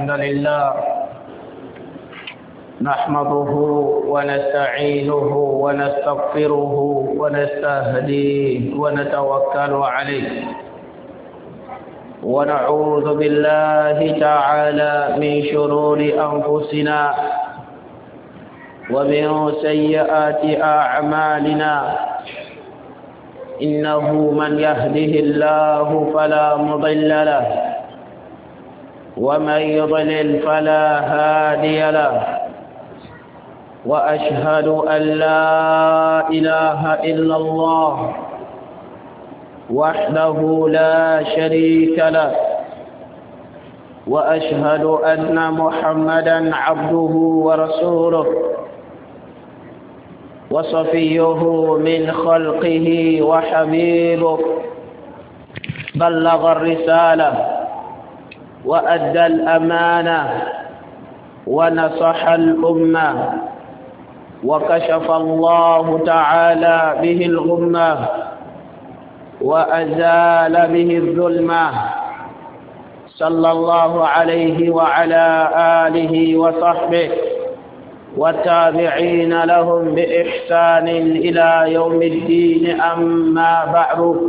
الحمد لله نحمده ونستعينه ونستغفره ونستهديه ونتوكل عليه ونعوذ بالله تعالى من شرور أنفسنا ومن سيئات أعمالنا إنه من يهده الله فلا مضل له ومن يضلل فلا هادي له وأشهد أن لا إله إلا الله وحده لا شريك له وأشهد أن محمدا عبده ورسوله وصفيه من خلقه وحبيبه بلغ الرسالة وأدى الأمانة ونصح الأمة وكشف الله تعالى به الغمة وأزال به الظلمة صلى الله عليه وعلى آله وصحبه والتابعين لهم بإحسان إلى يوم الدين أما بعد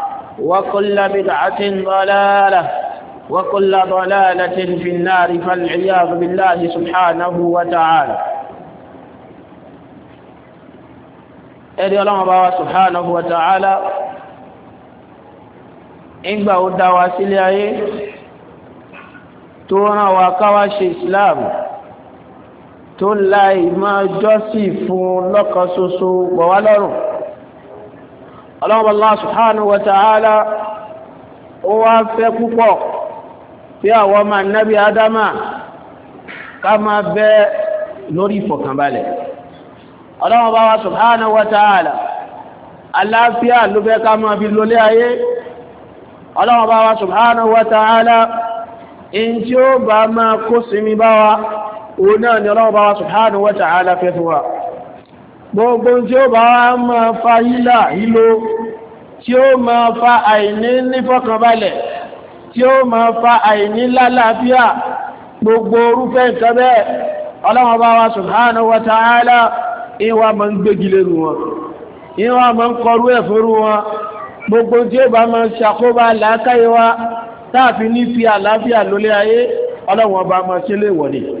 وكل بدعة ضلالة وكل ضلالة في النار فالعياذ بالله سبحانه وتعالى ادي الله مبارك سبحانه وتعالى انبا ودواسل ايه تونا وكواش اسلام تولاي ما جوسي فون لوكاسوسو بوالورو ọlọ́run Allah subhanahu wa ta'ala ó wá fẹ́ púpọ̀ tí àwọn ọmọ anábì adama ká máa bẹ lórí ìfọ̀kànbalẹ̀ ọlọ́run bá wa subhanahu wa ta'ala aláfíà ló fẹ́ ká máa fi lólé ayé ọlọ́run bá wa subhanahu wa in tí ó bá máa kó sinmi bá wa náà ni ọlọ́run bá wa fẹ́ fún wa gbogbo tí ó bá wá máa fa yílà ìlò tí ó máa fa àìní nífọ̀kànbalẹ̀ tí ó máa fa àìní lálàáfíà gbogbo orúfẹ́ nǹkan bẹ́ẹ̀ ọlọ́wọ́n bá wa subhanahu wa ta'ala ìwà máa ń gbégilérú wọn ìwà máa ń kọrú ẹ̀fọ́rú wọn gbogbo tí ó bá máa ṣàkóbá làákàyè wa táàfin ní fi àlàáfíà lólé ayé ọlọ́wọ́n bá máa ṣe léwọ̀n nìyí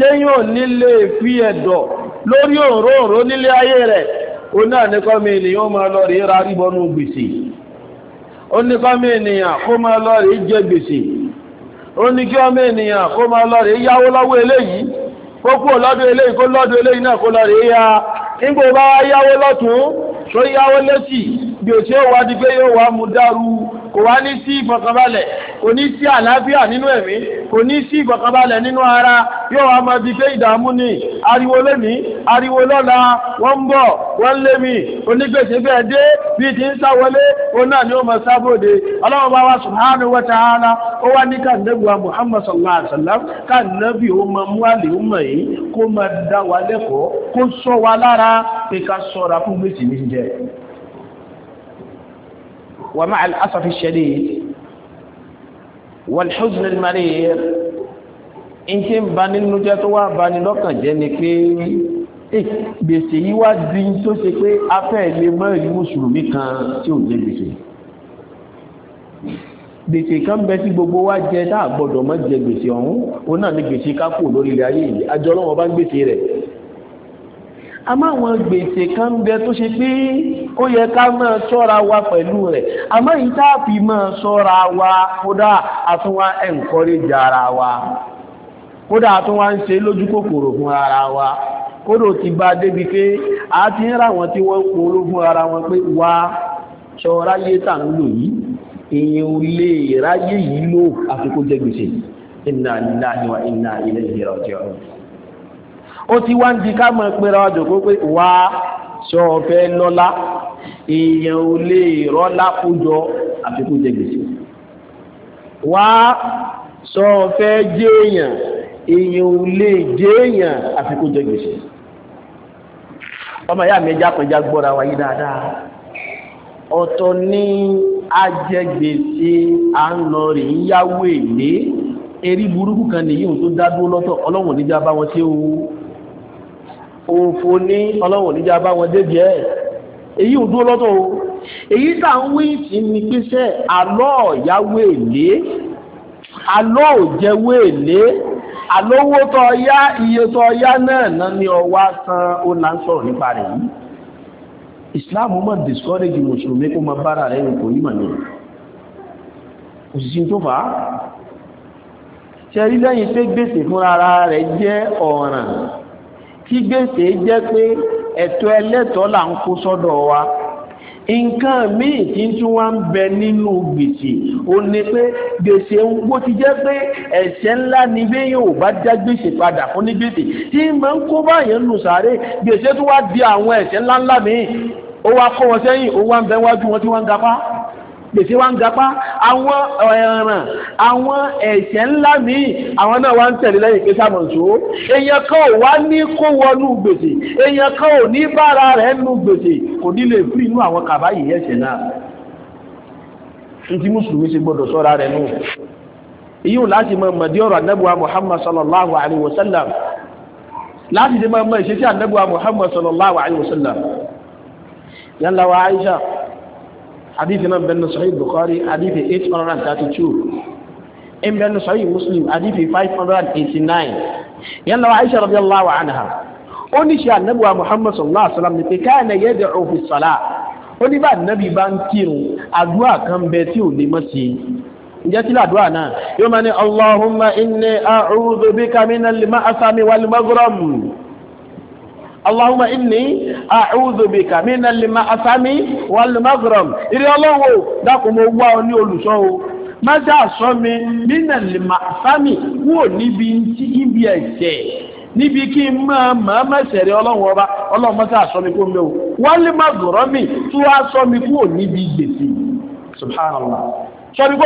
téèyàn nílé fi ẹ̀dọ̀ lórí òróòró nílé ayé rẹ̀ o náà nìkan ènìyàn máa lọ ra rí gbèsè ó nìkan ènìyàn kó máa lọ jẹ gbèsè ó ní kí ọmọ ènìyàn kó máa lọ yáwó lọ́wọ́ eléyìí kó lọ́dọ̀ eléyìí kó lọ́dọ̀ eléyìí náà kó lọ ya nígbò bá yáwó lọ́tún yáwó lẹ́sì bí ṣe wá yóò wá kò ní sí àlàáfíà nínú ẹ̀mí kò ní sí ìgbọ̀kabalẹ̀ nínú ara yóò wá máa bí pé ìdààmú ni ariwo lónìí ariwo lọ́la wọ́n ń bọ̀ wọ́n lé mi onígbèsè bẹ́ẹ̀ dé bí ti ń sáwọlé òun náà ni ó máa sábòde ọlọ́run bá wa subhanahu wa ta'ala ó wá ní kàndẹ́gbà muhammad sallallahu alaihi wasallam kàndẹ́bì wa ma'al asafi shadid wàlhùsùn ìmàlẹ́ yẹ ń tí ń ba nínú jẹ́ tó wá ba ní lọ́kàn jẹ́ ni pé gbèsè yìí wá di tó ṣe pé afẹ́ ilé mẹ́rin mùsùlùmí kan tí ò jẹ́ gbèsè gbèsè kan bẹ tí gbogbo wa jẹ tá a gbọdọ̀ mọ́ jẹ gbèsè ọ̀hún ó náà ní gbèsè ká kù lórí ilẹ̀ ayé yìí àjọ ọlọ́wọ́ bá ń gbèsè rẹ̀ a máa wọn gbèsè kan ń bẹ tó ṣe pé ó yẹ ká máa ṣọ́ra wa pẹ̀lú rẹ̀ a máa yí táàfi máa ṣọ́ra wa kódà àtúnwá encourage ara wa kódà àtúnwá ń ṣe lójú kòkòrò fún ara wa kódò ti bá débi pé a ti ń ráwọn tí wọ́n kó ológun ara wọn pé wá ṣọ́ra yé tà yìí wa inna raji'un ó ti wá ń di ká mọ̀ pé ra ọjọ́ pé wá sọ ọ̀fẹ́ lọ́lá èèyàn ò lè rọ́lá kójọ àfikún jẹ gbèsè wá sọ ọ̀fẹ́ jẹ́ èèyàn èèyàn ò lè jẹ́ èèyàn àfikún jẹ gbèsè ọmọ ìyá mi ẹja kan gbọ́ra wáyé dáadáa ọ̀tọ̀ ní ajẹgbèsè à ń lọ rè yáwó èlé erí burúkú kan nìyí òun tó dá dúró lọ́tọ̀ ọlọ́run níjà bá wọn ṣe o òfò ní ọlọ́run níjà bá wọn débi ẹ̀ èyí ò dúró lọ́tọ̀ o èyí tà ń wí sí ni pèsè àlọ́ ìyáwó èlé àlọ́ òjẹ́wó èlé àlówó tó yá iye tó yá náà náà ni ọwá san ó là ń sọ̀rọ̀ nípa rẹ̀ yìí Islam mọ̀ discourage mùsùlùmí kó máa bára rẹ̀ kò yí mọ̀ ní òṣìṣẹ́ tó fà á ṣe rí lẹ́yìn pé gbèsè fúnra rẹ̀ jẹ́ ọ̀ràn tí gbèsè jẹ́ pé ẹ̀tọ́ ẹlẹ́tọ́ là ń kó sọ́dọ̀ wa nǹkan míì tí tí wọ́n ń bẹ nínú gbèsè ó ní pé gbèsè ń gbó ti jẹ́ pé ẹ̀ṣẹ̀ ńlá ni béèyàn ò bá já gbèsè padà fún ní gbèsè tí máa ń kó báyẹn nù sáré gbèsè tó wá di àwọn ẹ̀ṣẹ̀ ńláńlá míì ó wá kó wọn sẹ́yìn ó wá ń bẹ wájú wọn tí wọ́n ń gapá gbèsè wa ń gapá àwọn ẹ̀ràn àwọn ẹ̀ṣẹ̀ ńlá míì àwọn náà wá ń tẹ̀lé lẹ́yìn pé sàmọ̀só èèyàn kan ò wá ní kó wọnú gbèsè èèyàn kan ò ní bára rẹ̀ nú gbèsè kò ní lè fún inú àwọn kàbá yìí ẹ̀ṣẹ̀ náà ntí mùsùlùmí ṣe gbọdọ̀ sọ́ra rẹ̀ nù ìyóò láti mọ mọ̀dí ọ̀rọ̀ anábùwà Muhammad sallallahu alaihi wasallam sallam láti dé mọ̀ mọ̀ ìṣesí Muhammad sallallahu alaihi wasallam sallam yálà wa Aisha hadith náà bẹnu sahih bukhari hadith eight hundred and thirty-two ń bẹnu sahih muslim hadith five hundred and eighty-nine yẹn lọ́wọ́ aisha radiyallahu anha ó ní ṣe ànábùwà muhammad sallallahu alaihi wasallam ní pé káyọ̀nà yad'u fi salah ó ní bá ànábì bá ń kírun àdúrà kan bẹ tí ò lè mọ̀ sí ǹjẹ́ tí làdúrà náà yóò máa ní allahumma inni a'udhu bika minal ma'asami wal maghram Allahumma inni a'udhu bika min al-ma'asami wal maghram. Ire Ọlọ́run dákun mo wá ọ ní o. Má dá sọ mi min al-ma'asami níbi tí ibi ẹ̀ṣẹ̀ níbi kí n ma ma ma ṣẹ̀rẹ̀ Ọlọ́run ọba Ọlọ́run mi Wal maghrami mi Subhanallah.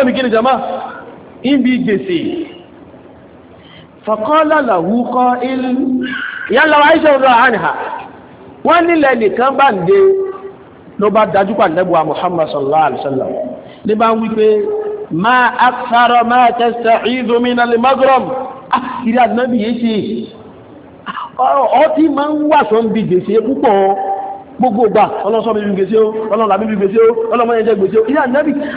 mi jama? Ibi fọ̀kọ́lá làwú kọ́ ilú ìyálọ́wà iṣẹ́ ọ̀rọ̀ àníhà wọ́n nílẹ̀ nìkan bá ń dé ló bá dájú pàdébùwà Muhammad sallallahu alaihi wasallam ní bá ń wípé ma akthara ma tasta'idhu min al-maghram ah, àkìrí àdínábì yìí ṣe ah, ọtí máa ń wà sọ ń bi gbèsè púpọ̀ gbogbo gbà ọlọ́sọ́ mi bí gbèsè ó ọlọ́run àmì bí gbèsè ó ọlọ́mọ gbèsè ó ìyá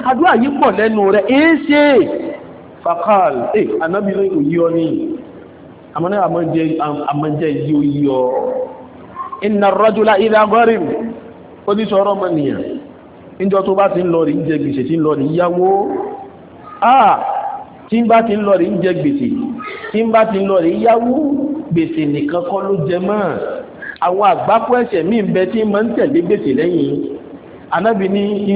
àdúrà yìí pọ̀ lẹ́nu rẹ̀ èé ṣe fàkàl ẹ̀ anábìnrin kò yí ọ ní àmọ́ ní àmọ́jẹ́ yí ó yí ọ iná rọ́júlá ilẹ̀ agọ́rin ó ní sọ̀rọ̀ mọ́ nìyàn níjọ tó bá ti ń lọ rí jẹ gbèsè tí ń lọ rí yáwó àà tí ń bá ti ń lọ jẹ gbèsè tí ń bá ti ń lọ yáwó gbèsè nìkan kọ́ ló jẹ mọ́ àwọn àgbákò ẹ̀ṣẹ̀ míì bẹ tí máa ń tẹ̀lé gbèsè lẹ́yìn anábì ní rí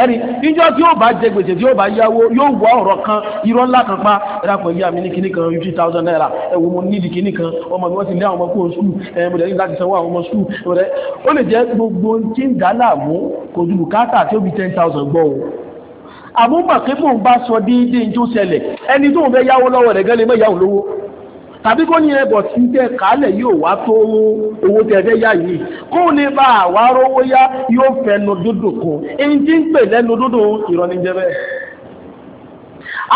ẹni níjọ́ tí yóò bá jẹ gbèsè tí yóò bá yáwó yóò wọ ọ̀rọ̀ kan irọ́ ńlá kan pa ẹ̀rọ pẹ̀lú ìyá mi ní kíní kan fifty thousand naira ẹ̀wù mo nídi kíní kan ọmọ mi wọ́n ti ní àwọn ọmọ kúrò sùúrù ẹ̀ mo dẹ̀rí láti sanwó àwọn ọmọ sùúrù rẹ̀ ó lè jẹ́ gbogbo tí ń dá láàmú kò ju bùkátà tí ó fi ten thousand gbọ́ o àmúmọ̀ pé mò ń bá sọ díndín tó ṣẹlẹ̀ ẹni tó ń fẹ́ yáwó lọ́wọ́ rẹ̀ gẹ́lẹ́ mọ́ yáwó lówó tàbí kó ní ẹbọ̀ tí ń tẹ́ kálẹ̀ yóò wá tó owó tẹ́fẹ́ yá yìí kó ní bá àwa rówó yá yóò fẹnu dúdú kan èyí tí ń pè lẹ́nu dúdú ìrọ̀lẹ́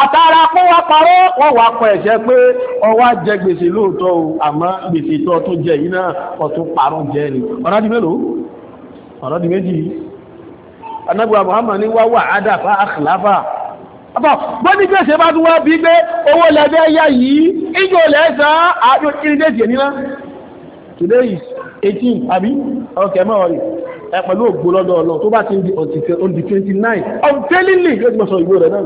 àtàrà kó wá parọ́ wọ́n pé ọwá jẹ gbèsè lóòótọ́ o àmọ́ gbèsè tó jẹ yìí náà parọ́ jẹ ni ọ̀rọ̀ di mélòó ọ̀rọ̀ di méjì àbọ̀ bọ́ní gbèsè bá tún wá bí pé owó lẹ́bẹ́ yá yìí ìjọ lẹ́sàn àádọ́ ìrìndéjì níná today is eighteen àbí ọkẹ̀ mọ́ rẹ̀ ẹ pẹ̀lú ògbó lọ́dọ̀ ọlọ́ tó bá ti ń di on the twenty nine unfailingly yóò ti mọ̀ sọ ìwé rẹ̀ náà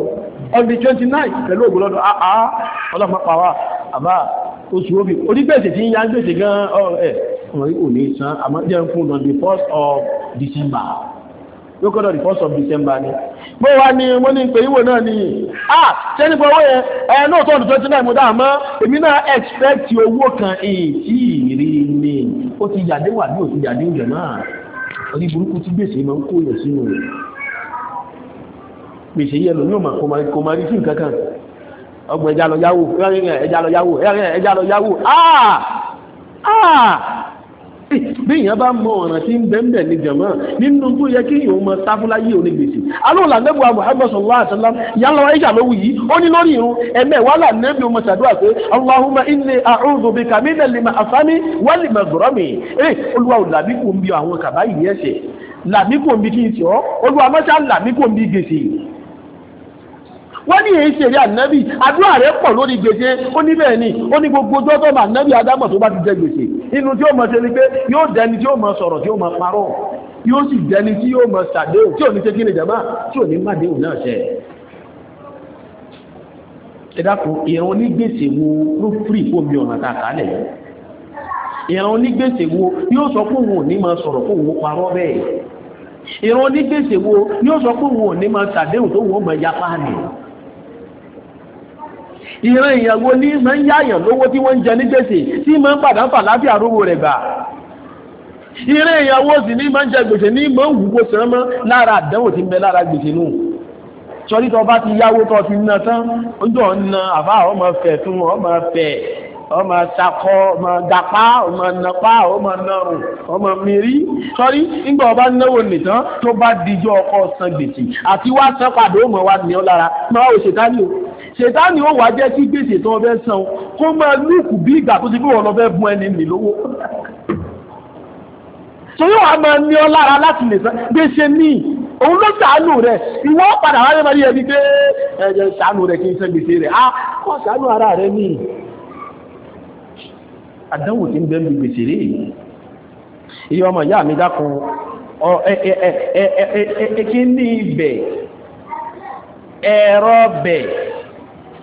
on the twenty nine pẹ̀lú ògbó lọ́dọ̀ àá ah, ah, ọlọ́pàá pàwà àbá oṣù òbí onígbèsè tí ń yá gbèsè gan ẹ̀ ọ̀rẹ́ kò ní san àmọ́ jẹ́ fún on the first of December lókọ́dọ̀ the first of December bó wá ní mo ní ìpè ìwò náà ni ah ṣé nípa owó yẹn ẹ náà tó ọdún twenty èmi náà expect kan èyí rí ni ó ti yàdé wà bí ó yàdé ìjọ náà orí burúkú tí gbèsè máa ń kó yẹn sínú rẹ̀ gbèsè yẹn lò ní máa rí ẹja lọ yáwó ẹja lọ yáwó ẹja lọ yáwó ah ah. béèyàn bá mọ ọ̀ràn tí ń bẹ́ẹ̀ ní jàmá nínú tó yẹ kí yòó mọ sáfúláyé onígbèsè alóòlà nẹ́bù Muhammad sallallahu alaihi wasallam yálọ ayíṣà ló wù yìí ó ní lórí irun ẹ̀mẹ́ wà là nẹ́bù ọmọ sàdúrà pé Allahumma olúwa ò làbí kò ń àwọn làbí kò ń bi kí n olúwa mọ́ṣá làbí kò ń gbèsè wọ́n ní èyí ṣeré ànábì àdúrà rẹ̀ pọ̀ lórí gbèsè ó ní bẹ́ẹ̀ ni ó ní gbogbo ọjọ́ tó mà ànábì adámọ̀ tó bá ti jẹ gbèsè inú tí ó mọ̀ ṣe ni pé yóò dẹni tí ó mọ̀ sọ̀rọ̀ tí ó mọ̀ parọ́ yóò sì dẹni tí yóò mọ̀ ṣàdéhùn tí ò ní ṣe kí ni jàmá tí ò ní má déhùn náà ṣe ẹ̀dàkùn ìran onígbèsè wo ló fìrì fún mi ọ̀nà tàà kálẹ̀ ìran onígbèsè wo yóò sọ fún òun ò ní máa sọ̀rọ̀ fún òun parọ́ bẹ́ẹ̀ ìran onígbèsè wo yóò sọ fún òun ò máa ṣàdéhùn tó òun mọ̀ yapa ìran ìyàwó ní máa ń yáyàn lówó tí wọ́n ń jẹ ní gbèsè tí máa ń padà ń fà láfíà rówó rẹ̀ gbà ìran ìyàwó sì ní máa ń jẹ gbèsè ní máa ń wúwo sàn lára àdánwò tí ń bẹ lára gbèsè nù sọrí bá ti yáwó tó ti ná tán ọjọ́ na àbá ọmọ fẹ̀ fún ọmọ fẹ̀ ọmọ sakọ ọmọ dapá ọmọ napá ọmọ narùn ọmọ mìírí sọrí nígbà ọba náwó nìtán tó bá dijọ́ ọkọ san gbèsè àti wá san padà ó mọ̀ wá ní ọ lára máa ò ṣètánì o ṣètánì ó wà jẹ́ kí gbèsè tó fẹ́ san kó máa lùkù bí ìgbà tó ti fi wọ́n lọ fẹ́ bún ẹni nì lówó torí wàá máa ní ọ lára láti lè san gbèsè míì òun ló sàánù rẹ̀ ìwọ padà wáyé máa rí ẹni pé ẹ̀jẹ̀ sàánù rẹ̀ kì í san gbèsè rẹ̀ á ah, kọ́ sàánù ara rẹ̀ míì àdánwò tí ń bẹ́ mi gbèsè rí iye ọmọ ìyá mi dákun ẹ̀kí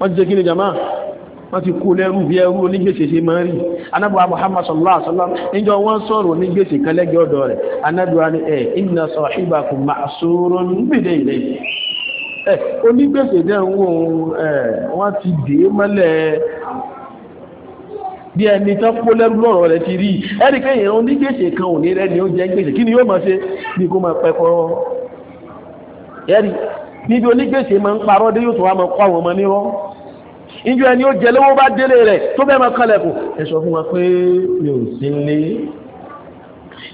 wọ́n ti kí ni jama wọ́n ti kó lẹ́rú bí ẹrú onígbèsè ṣe máa rí anábùwà muhammad sallallahu alaihi wasallam níjọ wọ́n sọ̀rọ̀ onígbèsè kan ọ̀dọ̀ rẹ̀ anábùwà ni ẹ̀ inna sahibakum ma'surun bìdẹ̀ ilẹ̀ ẹ̀ onígbèsè níbi onígbèsè máa ń parọ́ dé yóò tó wá máa kọ́ àwọn ọmọ nírọ́ ìjọ ẹni ó jẹ lówó bá délé rẹ̀ tó bẹ́ẹ̀ máa kalẹ̀kùn ẹ sọ fún wa pé mi ò sí nílé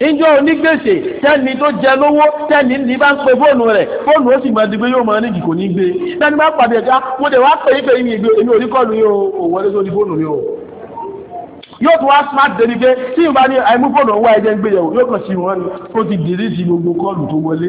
ìjọ onígbèsè tẹ́ni tó jẹ lówó tẹ́ni ní bá ń pe fóònù rẹ̀ fóònù ó sì máa di pé yóò máa nídìí kò ní gbé tẹ́ni bá pàdé ẹ̀ka ah, mo dẹ̀ wá pè é pé mi ìgbé èmi ò rí kọ́ọ̀lù yóò tún wá smart dé ní pé tí ìbá ní àìmú fóònù ọ̀wá ẹ̀jẹ̀ ń gbé yẹ̀wò yóò kàn sí wọn ó ti dìrí ti gbogbo kọ́ọ̀lù tó wọlé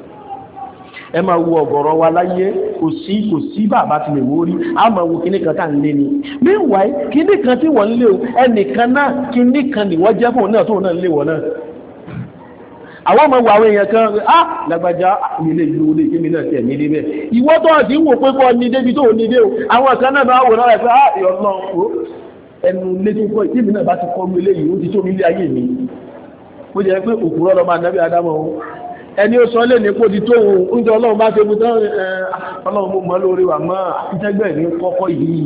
ẹ máa wo ọ̀gọ̀rọ̀ wa láyé kò sí kò sí bàbá ti lè wórí a máa wo kíní kan tá ń lé ni meanwhile kíní kan tí wọ́n ń lé o ẹnìkan náà kíní kan nìwọ́ jẹ́ fóun náà tóun náà ń lé wọ́n náà àwọn ọmọ ìwà àwọn èèyàn kan á lágbàjá ilé ìlú olè kí mi náà tẹ̀ mí débẹ̀ ìwọ́ tó àti ń wò pé kọ́ ni débi o àwọn kan náà máa wò náà á o ẹnu ilé tó kọ́ ìdí mi náà bá ti kọ́ mi ó ti tó mi ẹni ó sọ lè ní kó ti tó ohun oúnjẹ ọlọ́run bá ṣe bùtán ọlọ́run mú mọ́ lórí wà mọ́ àtijẹ́gbẹ́ ní kọ́kọ́ yìí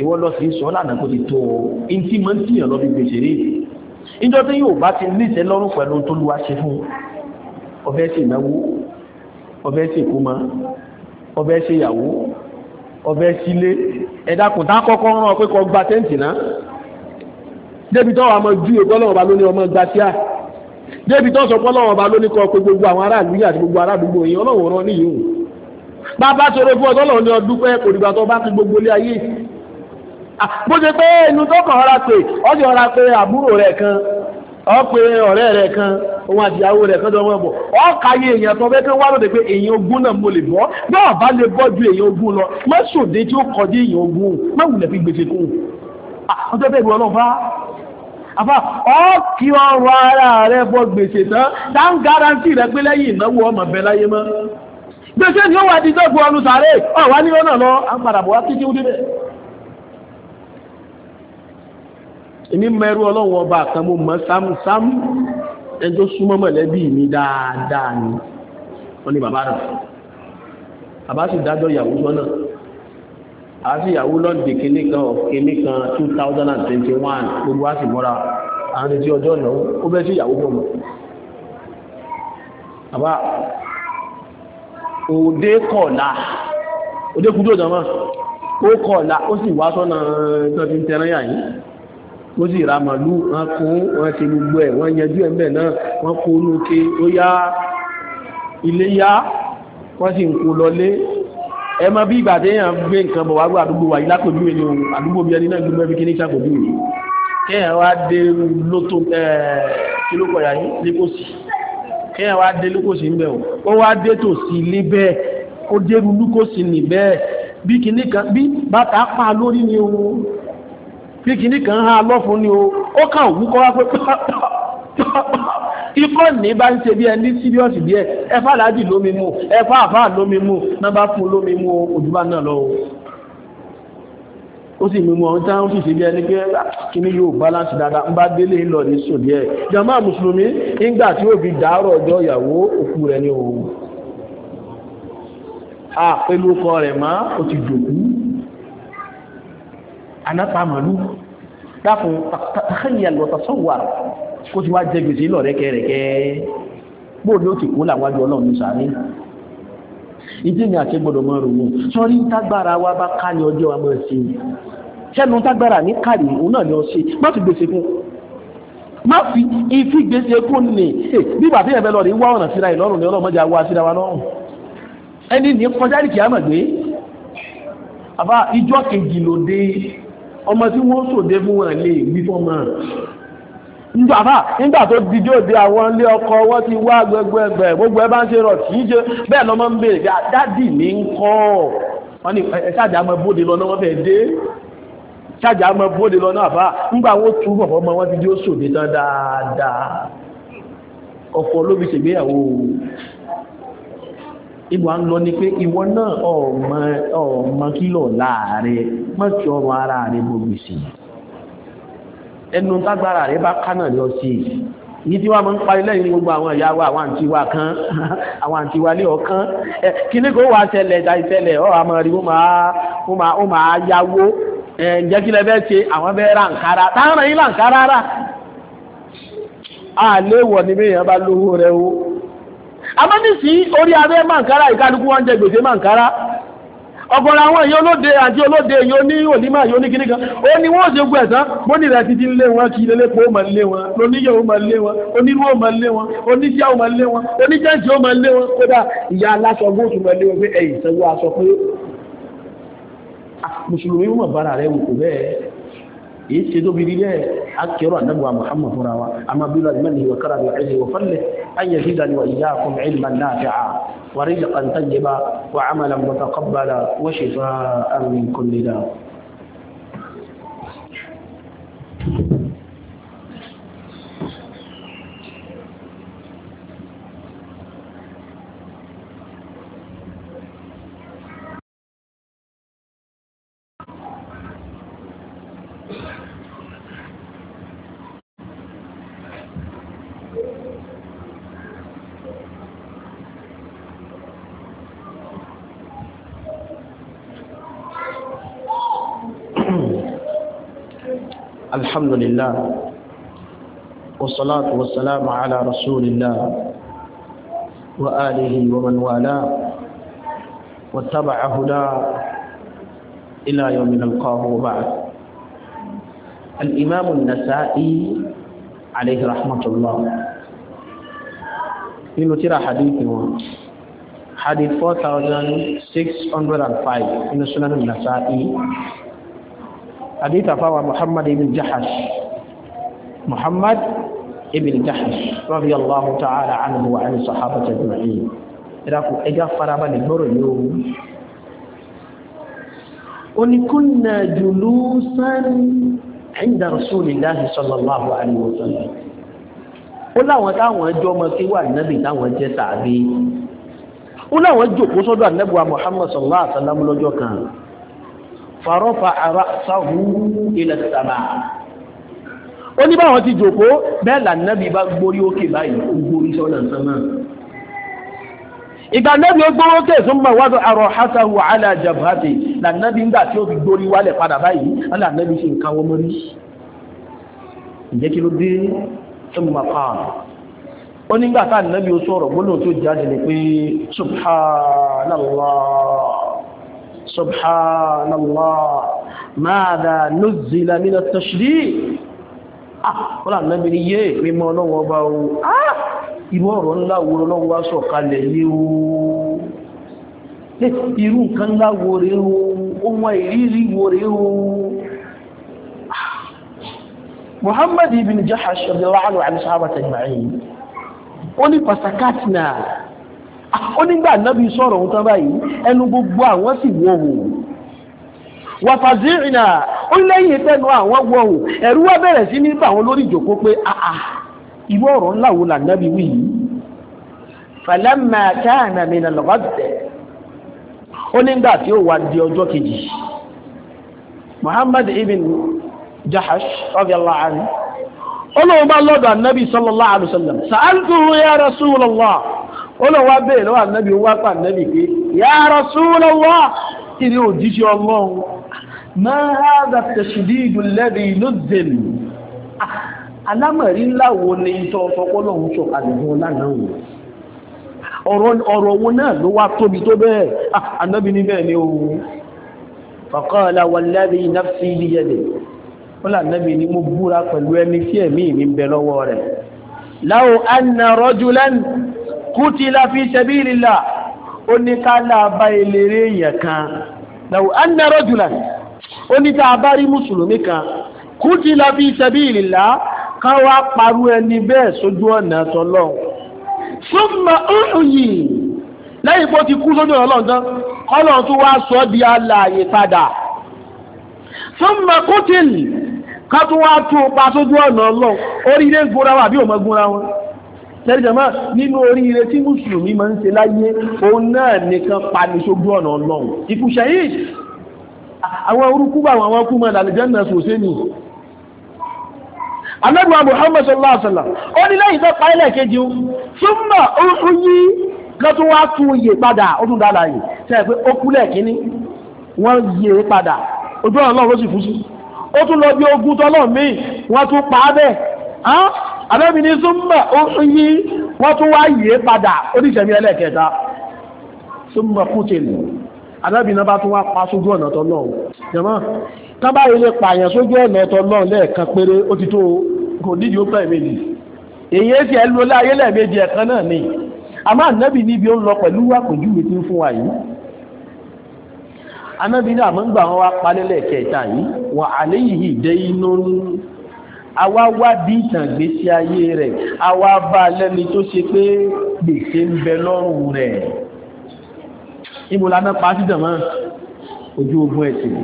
ìwọ lọ sí sọ lánàá kó ti tó ohun tí mọ́ ń tìyàn lọ bí gbèsè rí ìjọ tí yóò bá ti níṣẹ́ lọ́rùn pẹ̀lú tó lu aṣẹ fún ọbẹ̀ sí ìnáwó ọbẹ̀ sí ìkómọ ọbẹ̀ sí ìyàwó ọbẹ̀ sílé ẹ̀dàkùn tá kọ́kọ́ rán ọ pé kó gba tẹ́ǹtì náà débi tó wà mọ́ ju ìgbọ́lọ́wọ́ débi tó sọ ọba lóníkọ pé gbogbo àwọn aráàlú yìí àti gbogbo gbogbo yìí ọlọ́wọ́ rán ní ìhùn bàbá sọ̀rọ̀ fún ọ̀tọ́ ní ọdún pé kò dìgbà tó bá fi gbogbo ilé ayé bó ṣe pé inú tó kàn ọ́ra pé àbúrò rẹ̀ kan ọ ọ̀rẹ́ rẹ̀ kan òun àtìyàwó rẹ̀ kan ọ kàyé èèyàn tó fẹ́ kí pé èèyàn náà mo lè bọ́ bá lọ àfà ọ́ kí ọrọ̀ ara rẹ bọ gbèsè tán tá ń garanti rẹ pé lẹ́yìn ìnáwó ọmọ bẹ láyé mọ́ gbèsè ni ó wà dídọ́ bu ọlù sàárè ọ̀wá ní ọ̀nà lọ àpàdàbọ̀ wá kíkí ó débẹ̀. èmi mẹ́rú ọlọ́run ọba àti ìyàwó lọ́dì kìíní kan of kìíní kan two thousand and twenty one gbogbo àti ìmọ́ra àwọn ti ọjọ́ ìnáwó ó bẹ́ sí ìyàwó gbọ́mọ̀ àbá òde kọ̀ọ̀lá òde kúdó ìjọmọ́ ó kọ̀ọ̀lá ó sì wá sọ́nà tó ti ń tẹran yà yìí ó sì ra màlúù wọn kún wọn ti gbogbo ẹ̀ wọ́n yanjú ẹ̀ mbẹ̀ náà wọ́n kó lókè ó yá ilé yá wọ́n sì ń kó lọlé ẹ mọ bí ìgbà téèyàn gbé nǹkan bọ̀ wá àdúgbò wáyé yìí lápòjú èlé ohun àdúgbò bí ẹni náà gbogbo ẹbí kíní sàpòjú yìí kéèyàn wá dé lótó kílókọ̀ yà yín lékòsì wá dé lókòsì ń o ó wá dé tòsí lé bẹ́ẹ̀ ó dé nì bẹ́ẹ̀ bí kan bí bàtà pa lórí ni o kan ni o ó kọ́ ikọ́ ní bá ń ṣe bí ẹni síríọ̀sì bí ẹ ẹfà aláàjì lómi mú ẹfà àfà lómi mú nọ́mbà fún lómi mú òjúbà náà lọ ó sì mímú ọ̀hún tán ó sì ṣe bí ẹni pé kíní yóò balance dáadáa ń bá délé ń lọ ní sòdí ẹ̀ jàmáà mùsùlùmí ńgbà tí ó fi dàárọ̀ ọjọ́ ìyàwó òkú rẹ̀ ní òun a pẹ̀lú ọkọ rẹ̀ má ó ti dòkú anápa màlúù dákun tàkàyà lọ́tà sọ́wọ́ kó ti wá jẹ gbèsè lọ rẹ́kẹ́rẹ́kẹ́ bó ló ti kó làwọn ọlọ́run ní sàárè ìdí ni àti gbọdọ̀ mọ́ rògbò sọ́rí tágbára wa bá ká ní ọjọ́ àmọ́ sí sẹ́nu tágbára ní kàrí òun náà ni ọ ṣe má fi gbèsè kún má fi ìfi gbèsè kún ni bí bàbá yẹn fẹ́ lọ rí wá ọ̀nà síra ìlọ́run ni ọlọ́mọdé àwọ síra wa lọ́rùn ẹni ní kọjá ìkì àmàgbé àbá ìjọ kejì lòde ọmọ tí wọ́n sòde fún wọn lè wí fọ́mọ njàfà nígbà tó a òde àwọn ilé ọkọ wọ́n ti wá gbogbo gbogbo ẹ bá ń ṣe rọ̀ kì í ṣe bẹ́ẹ̀ lọ́mọ ń béèrè pé ah, dádì mi ń bóde lọ náà dé bóde lọ náà àfà nígbà wọn ti tán dáadáa ọkọ olóbi ṣègbéyàwó ń lọ ni pé ìwọ náà ara gbogbo ìsìn ẹnu tágbára rẹ̀ bá kánà lọ sí ní tí wọ́n mọ́ ń parí lẹ́yìn gbogbo àwọn ìyá wa àwọn àǹtí wa kan àwọn àǹtí wa lé ọ̀kan kíní kó wà ṣẹlẹ̀ ìjà ìṣẹlẹ̀ ọ̀ àmọ́ rí ó máa yáwó ǹjẹ́ kí lẹ fẹ́ ṣe àwọn fẹ́ ra nkárá táwọn yìí là nkárá rà á léwọ̀ ní bí èèyàn bá lówó rẹ̀ o àmọ́ nísìnyí orí abẹ́ màǹkárá ìkálukú wọn jẹ gbèsè màǹkárá ọ̀gọ̀rọ̀ àwọn èèyàn olóde àti olóde èèyàn ní ònímà yóò ní kíníkan ó ní wọ́n ṣe gbọ́ ẹ̀sán bóni rẹ̀ ti ti ń lé wọn kí ilé lépo ó máa lé wọn lóníyẹ̀ ó máa lé wọn onírú ó máa lé wọn oníṣẹ́ ó máa lé wọn oníjẹ́ǹtì ó máa lé wọn kódà ìyá aláṣọ góòtù máa lé wọn pé ẹ̀yìn sanwó aṣọ pé mùsùlùmí mọ̀ bára rẹ̀ wò èyí ṣe tóbi rí bẹ́ẹ̀ akẹ́rọ àdàbọ̀ Muhammad fúnra wa àmàbílọ̀ ìmọ̀ nìyí wà kára bí wà ẹ̀ṣẹ̀ wà fọ́lẹ̀ ayé ìyá àkọ́mọ̀ ilman nafi'a ورزقا طيبا وعملا متقبلا وشفاء من كل داء الحمد لله والصلاة والسلام على رسول الله وآله ومن والاه واتبع هداه إلى يوم نلقاه وبعد الإمام النسائي عليه رحمة الله nínú tíra hadithi wọn hadith 4605 nínú sunan النسائي حديث فاوى محمد بن جحش محمد بن جحش رضي الله تعالى عنه وعن الصحابة أجمعين إذاكو إجا فرابا للمر اليوم كنا جلوسا عند رسول الله صلى الله عليه وسلم ó láwọn táwọn ẹjọ́ ọmọ sí wà nẹ́bì táwọn jẹ́ tàbí ó láwọn jòkó sọ́dọ̀ ànẹ́bùwà Muhammad sallallahu alaihi wasallam lọ́jọ́ kan fàrọ́fà ara sáhù ilẹ̀ sàmà ó ní báwọn ti jòkó bẹ́ẹ̀ lànàbí bá gbórí òkè báyìí ó gbórí sọ́nà sánmà ìgbà nẹ́bí ó gbóró tẹ̀ tó mọ̀ wádọ̀ àrọ̀ hasahu alájàbáte lànàbí ńgbà tí ó fi gbórí wálẹ̀ padà báyìí alànàbí ṣe nǹkan wọ́n mọ́rí ìjẹ́ kí ló dé tó mọ̀ pààrọ̀ ó nígbà tá ànàbí ó sọ̀rọ̀ gbólóhùn tó jáde ní pé subhanallah سبحان الله ماذا نزل من التشديد ọ̀rọ̀ ànábì ni yé mímọ̀ ọlọ́wọ́ ọba o ah, irú ọ̀rọ̀ ńlá wo ọlọ́wọ́ wá sọ̀kalẹ̀ yé o irú nǹkan ńlá wo rẹ̀ o ohun ìrírí wo rẹ̀ o ah. Muhammad ibn Jahash radiyallahu anhu àbísáwà tẹ̀gbà yìí ó ní pàtàkì náà ó nígbà nábi sọ̀rọ̀ ohun tán báyìí ẹnu gbogbo àwọn sì wọ òun wàfàzí ìrìnà ó lẹ́yìn tẹ́nu àwọn wọ òun ẹ̀rú wá bẹ̀rẹ̀ sí ní àwọn lórí ìjòkó pé àà ìwọ di ibn Jahash lọ́dọ̀ annabi sallallahu alaihi wasallam ya rasulallah olóhùn wá bẹ́ẹ̀ lọ́wọ́ ànábì ó wá pa ànábì pé ya Rasulullah kí ni òjíṣẹ́ ọlọ́run ma hadha at-tashdid alladhi nuzzil ah, alámọ̀rí ńlá wo ni ìtọ́ ọ̀sọ́pọ̀lọ́hún sọ àdìgún lánàá wò ọ̀rọ̀ wo náà ló wá tóbi tó ah, ní bẹ́ẹ̀ ni ohun faqala kutila fi sabilillah ó ní ká láàbá eléré èèyàn kan law anna rajulan ó ní ká bá rí mùsùlùmí kan kutila fi sabilillah kan wá parú ẹni bẹ́ẹ̀ sójú ọ̀nà tọ́lọ́ summa uhyi ti wá sọ di pa sójú ọ̀nà lọ orílẹ̀ wà bí wọn tẹ́lẹ̀jọ́mọ́ nínú oríire tí mùsùlùmí máa ń ṣe láyé òun náà nìkan pani sójú ọ̀nà ọlọ́run ikú ṣẹ̀yìn àwọn orúkú bá àwọn ọkú mọ́ ìdàlẹ́jẹ́ náà ni alẹ́bùn Muhammad sallallahu alaihi wasallam ó ní lẹ́yìn tó pa ilẹ̀ kejì ó súnmọ́ ó yí lọ́tún wá tún yè padà ó tún dára yìí tẹ́ pé ó kúlẹ̀ kíní wọ́n yè padà àbẹ́bí ní súnmọ̀ ó yí wọ́n tún wá yìí padà oníṣẹ̀mí ẹlẹ́ẹ̀kẹta súnmọ̀ kútèlù àbẹ́bí náà bá tún wá pa sójú ọ̀nà tọ́lọ́run jẹ́mọ́ tán bá ilé pààyàn sójú ọ̀nà tọ́lọ́run lẹ́ẹ̀kan péré ó ti tó kò nídìí ó pẹ́ méjì ni àmọ́ ànábì níbi ó ń lọ pẹ̀lú àpèjúwe tí ń fún wa yìí ànábì mọ́ ń gbà wọn wá palẹ́lẹ̀ kẹta yìí wà àléyìí dẹ́ inú àwa wá bí ìtàn gbésí ayé rẹ̀ àwa bá lẹ́ni tó ṣe pé gbèsè ń bẹ lọ́rùn rẹ̀ ìbò lànà ojú ogun ẹ̀sìn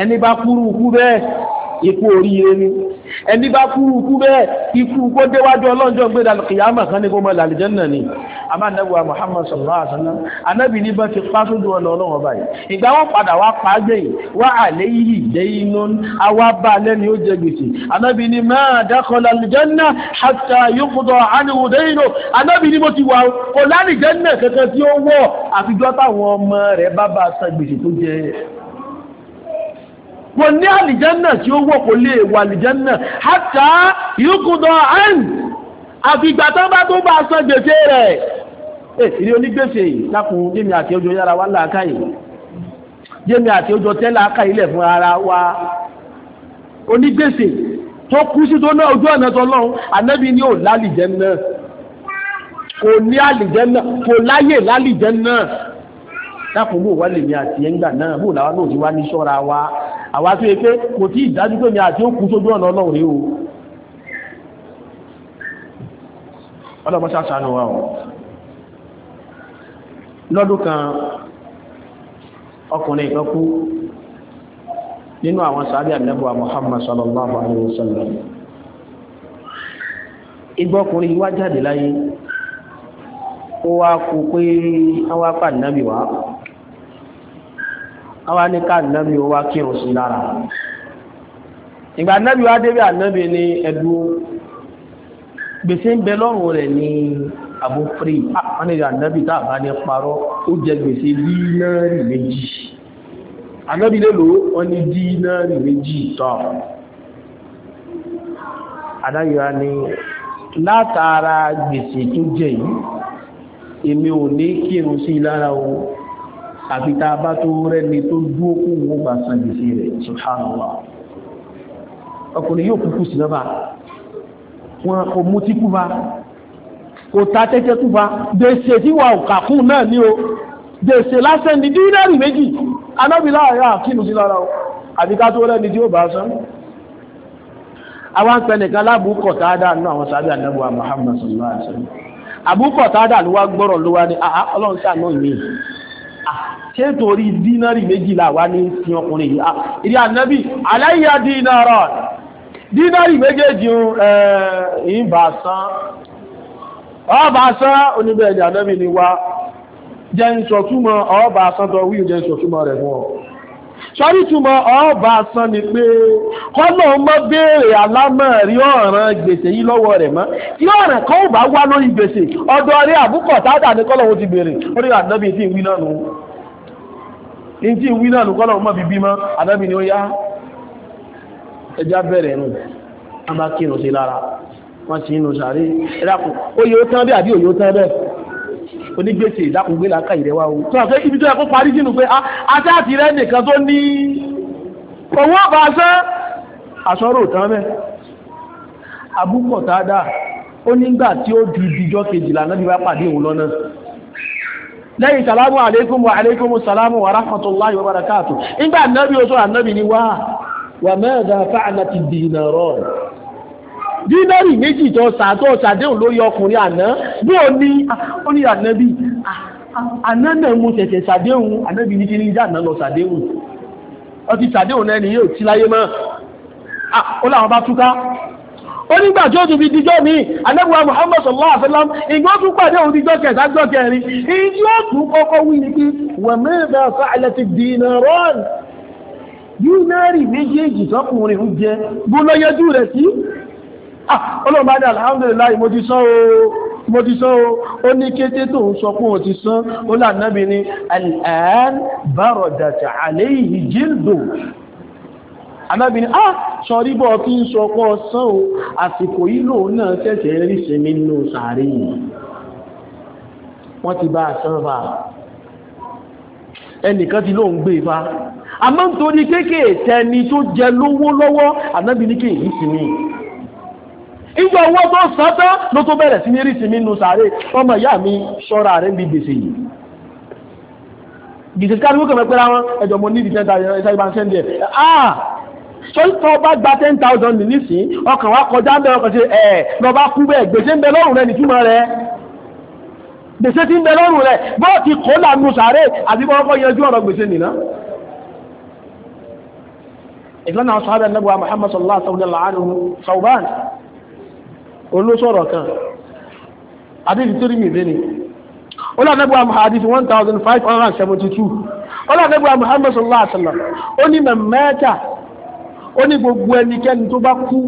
ẹni bá kúrú kú bẹ́ẹ̀ ikú oríire ni ẹni bá kúrú kú bẹ́ẹ̀ ikú kó déwájú ọlọ́njọ́ gbé dànù kan ní kó mọ́ làlìjẹ́nà ni a máa nẹ́wà Muhammad sallallahu alaihi wasallam anábì ní bá ti pa sójú ọlọ́ ọlọ́wọ́ báyìí ìgbà wọn padà wá pa gbé yìí wá àlẹ́ yìí dé inú awa bá lẹ́ni ó jẹ gbèsè anábì ní máa dákọ̀ làlìjẹ́nà hatta yókùtọ̀ ánìwò dé inú anábì kò ní àlìjánà tí ó wọ̀ kò lè wà àlìjánà hátà yíkùdọ̀ ẹ́n àfìgbà tán bá tó bá san gbèsè rẹ̀ ìrí onígbèsè lákùn jẹ́mi àti ojú yára wá láàkáyè jẹ́mi àti ojú tẹ́lá ká ilẹ̀ fún ara wa onígbèsè tó kú sí tó ná ojú ọ̀nà tọ́lọ́run ànábì ni ò lálìjánà kò ní àlìjánà kò láyè lálìjánà dákun bò wá lèmi àti ẹ̀ńgbà náà bò làwọn náà ti wá ní ṣọ́ra wa àwa tó yẹ pé kò tí ì dájú pé mi àti ó kú sójú ọ̀nà ọlọ́run o ọlọ́pàá ṣàṣàánú wa o lọ́dún kan ọkùnrin kan kú nínú àwọn sàábì ànábùwà Muhammad sallallahu alaihi wasallam igbọ́kùnrin àwọn aníkà nàbí ó wá kírun sí lára ìgbà nàbí wá débi ànábì ní ẹ̀dù gbèsè ń bẹ lọ́rùn rẹ̀ ní àbò firi àpánìyàn ànábì tá a bá ní parọ́ ó jẹ gbèsè dínárì méjì ànábì lè lò wọ́n ní dínárì méjì tọ́ adáyọ̀ ni látara gbèsè tó jẹ yìí èmi ò ní kírun sí lára o àfi tá a bá tó rẹ́ni tó dúó kó wọ́n bá san gbèsè rẹ̀ subhanallah ọkùnrin yóò kúkú sí lọ́ba wọn kò mú tí kú bá kò ta tẹ́tẹ́ kú bá gbèsè tí wà òkà fún náà ní o gbèsè lásán ní dínárì méjì anábìlá àyà kínú sí lára o àfi Ah, ṣé torí dínárì méjìlá wá ní sin ọkùnrin yìí ah, ìrí ànábì aláìyá dínárà dínárì méjèèjì eh, ìbá san ọba san oníbẹ̀ẹ̀dì ànábì ni wá jẹ́ ń sọ̀túmọ̀ ọba san tọ́ wíò jẹ́ ń sọ̀túmọ̀ rẹ̀ fún ọ sọ́rí túmọ̀ ọba san ni pé kọ́nà mọ́ béèrè alámọ̀rí ọ̀ràn gbèsè yìí lọ́wọ́ rẹ̀ mọ́ tí ọ̀ràn kan ò bá wá lórí gbèsè ọ̀dọ̀ rẹ̀ àbúkọ̀ tádà ní kọ́nà wọn ti béèrè orí ànábì tí ìwí náà nù ní tí ìwí náà nù kọ́nà mọ́ bíbí mọ́ ànábì ni ó yá ẹjá bẹ̀rẹ̀ nù a bá kírun sí lára wọ́n ti ń nù sàárè onígbèsè ìdákùngbé làákà ìrẹwà o tó àfẹ́ ibi tó yẹ kó parí sínú pé aṣáàtì ah, rẹ nìkan tó ní owó ọba aṣọ àṣọrò tán mẹ́ abúpọ̀ tàdá ó nígbà tí ó ju ìjọ kejìlá náà bí pàdé òun lọ́nà lẹ́yìn salamu alaikum wa alaikum salamu dínárì méjì tó sàtọ́ sàdéhùn lórí ọkùnrin àná bí ó ní ó ní ànábì àná náà mú tẹ̀tẹ̀ sàdéhùn ànábì ní kí ní ìjà àná lọ sàdéhùn ọtí sàdéhùn náà ni yóò ti láyé mọ́ ó láwọn bá túká onígbà tí ó tún fi dijọ́ mi alẹ́bùwà Muhammad sallallahu alaihi wasallam ìgbó tún pàdé òun dijọ́ kẹta jọ kẹrin ìdí ó tún kọ́kọ́ wí ní pé wà mẹ́ta fa'alati dinaran dínárì méjèèjì tọkùnrin ń jẹ gbóná yẹjú rẹ̀ sí Ah, ọlọ́run bá ní alhamdulillah mo ti sán o mo ti sán o ó ní kété tó ń sọ pé o ti sán ó lànàbí ni al'an baradata alayhi jildo anábìnrin ah sọrí bọ́ tí ń sọ pọ́ sán o àsìkò ìlò náà ṣẹ̀ṣẹ̀ rí sinmi nínú sàárè wọ́n ti bá sán bá ẹnìkan ti ló ń gbé bá àmọ́ nítorí kéèkéè tẹni tó jẹ lówó lọ́wọ́ anábìnrin kéèyí sinmi ìjọ owó tó sọ́tọ́ ló tó bẹ̀rẹ̀ sí ní rí sinmi nù sàárè ọmọ ìyá mi ṣọ́ra rẹ̀ ń bi gbèsè yìí gbèsè káàdì wọ́n kẹ̀mẹ́ pẹ́ra wọn ẹ̀jọ̀ mo ní ìdíjẹ́ ẹ̀ṣẹ́ ìbá ń sẹ́ndì ẹ̀ ah sọ́tọ́ bá gba ten thousand nísìn ọkàn wa kọjá ń bẹ ọkàn sí ẹ̀ lọ bá kú bẹ́ẹ̀ gbèsè ń bẹ lọ́rùn rẹ̀ nìtúmọ̀ rẹ̀ gbèsè ti ń bẹ lọ́rùn rẹ̀ bọ́ọ̀ ti kó lànà sàárè àti bọ́ọ̀kọ́ yanjú ọ̀rọ̀ gbèsè nìna ìgbọ́n náà sọ́hábẹ̀ nẹ́gbà Muhammad sallallahu alaihi wa sallam olóṣọ̀rọ̀ kan àdìsí tó rí mi dé ni olùdàgbà muhammadu one thousand five hundred seventy two olùdàgbà muhammadu sallallahu alaihi wa sallam ó ní mẹ́mẹ́ta ó ní gbogbo ẹnikẹ́ni tó bá kú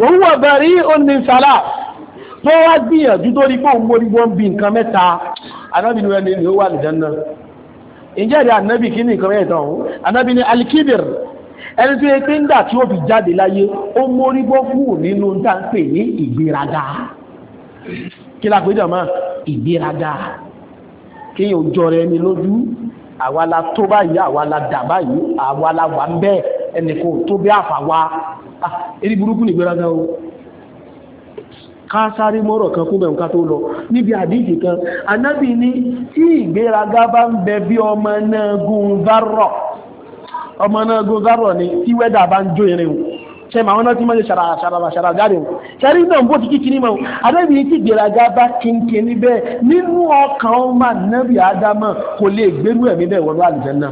wọ́n wọ̀ bẹ̀rẹ̀ òní sàlá tó wá gbìyànjú tó rí pọ̀ mórí wọ́n bí nǹkan mẹ́ta anábìnú ẹni ni ó wà lùdánná ìjẹ́rìí anábì kí ni nǹkan mẹ́ta ọ̀hún anábì ni alikibir ẹni tó yẹ pé ńgbà tí ó fi jáde láyé ó mórí bọ́ kúrò nínú tá ń pè ní ìgbéraga kí la pè jàmá ìgbéraga kéèyàn ò jọra ẹni lójú àwa la tó báyìí àwa la dà báyìí àwa la wà ń bẹ́ẹ̀ ẹnì kò tó bí àfà wa ah, eré burúkú nìgbéraga o ká sáré mọ́rọ̀ kan kún mẹ́rin ká tó lọ níbi àdíjì kan anábì ní tí ìgbéraga bá ń bẹ bí ọmọ náà gùn bá rọ̀ ọmọ náà gun ni tí wẹ́dà bá ń jó irin o ṣe mà wọn náà ti máa ṣe ṣàrà ṣàrà ṣàrà jáde o ṣẹ́rí náà bó ti kí kiri mọ́ o adébíyí ti gbéraga bá kínkín níbẹ̀ nínú ọkàn ọmọ nàbì ádámà kò lè gbérú ẹ̀mí bẹ́ẹ̀ wọlé àlùjánnà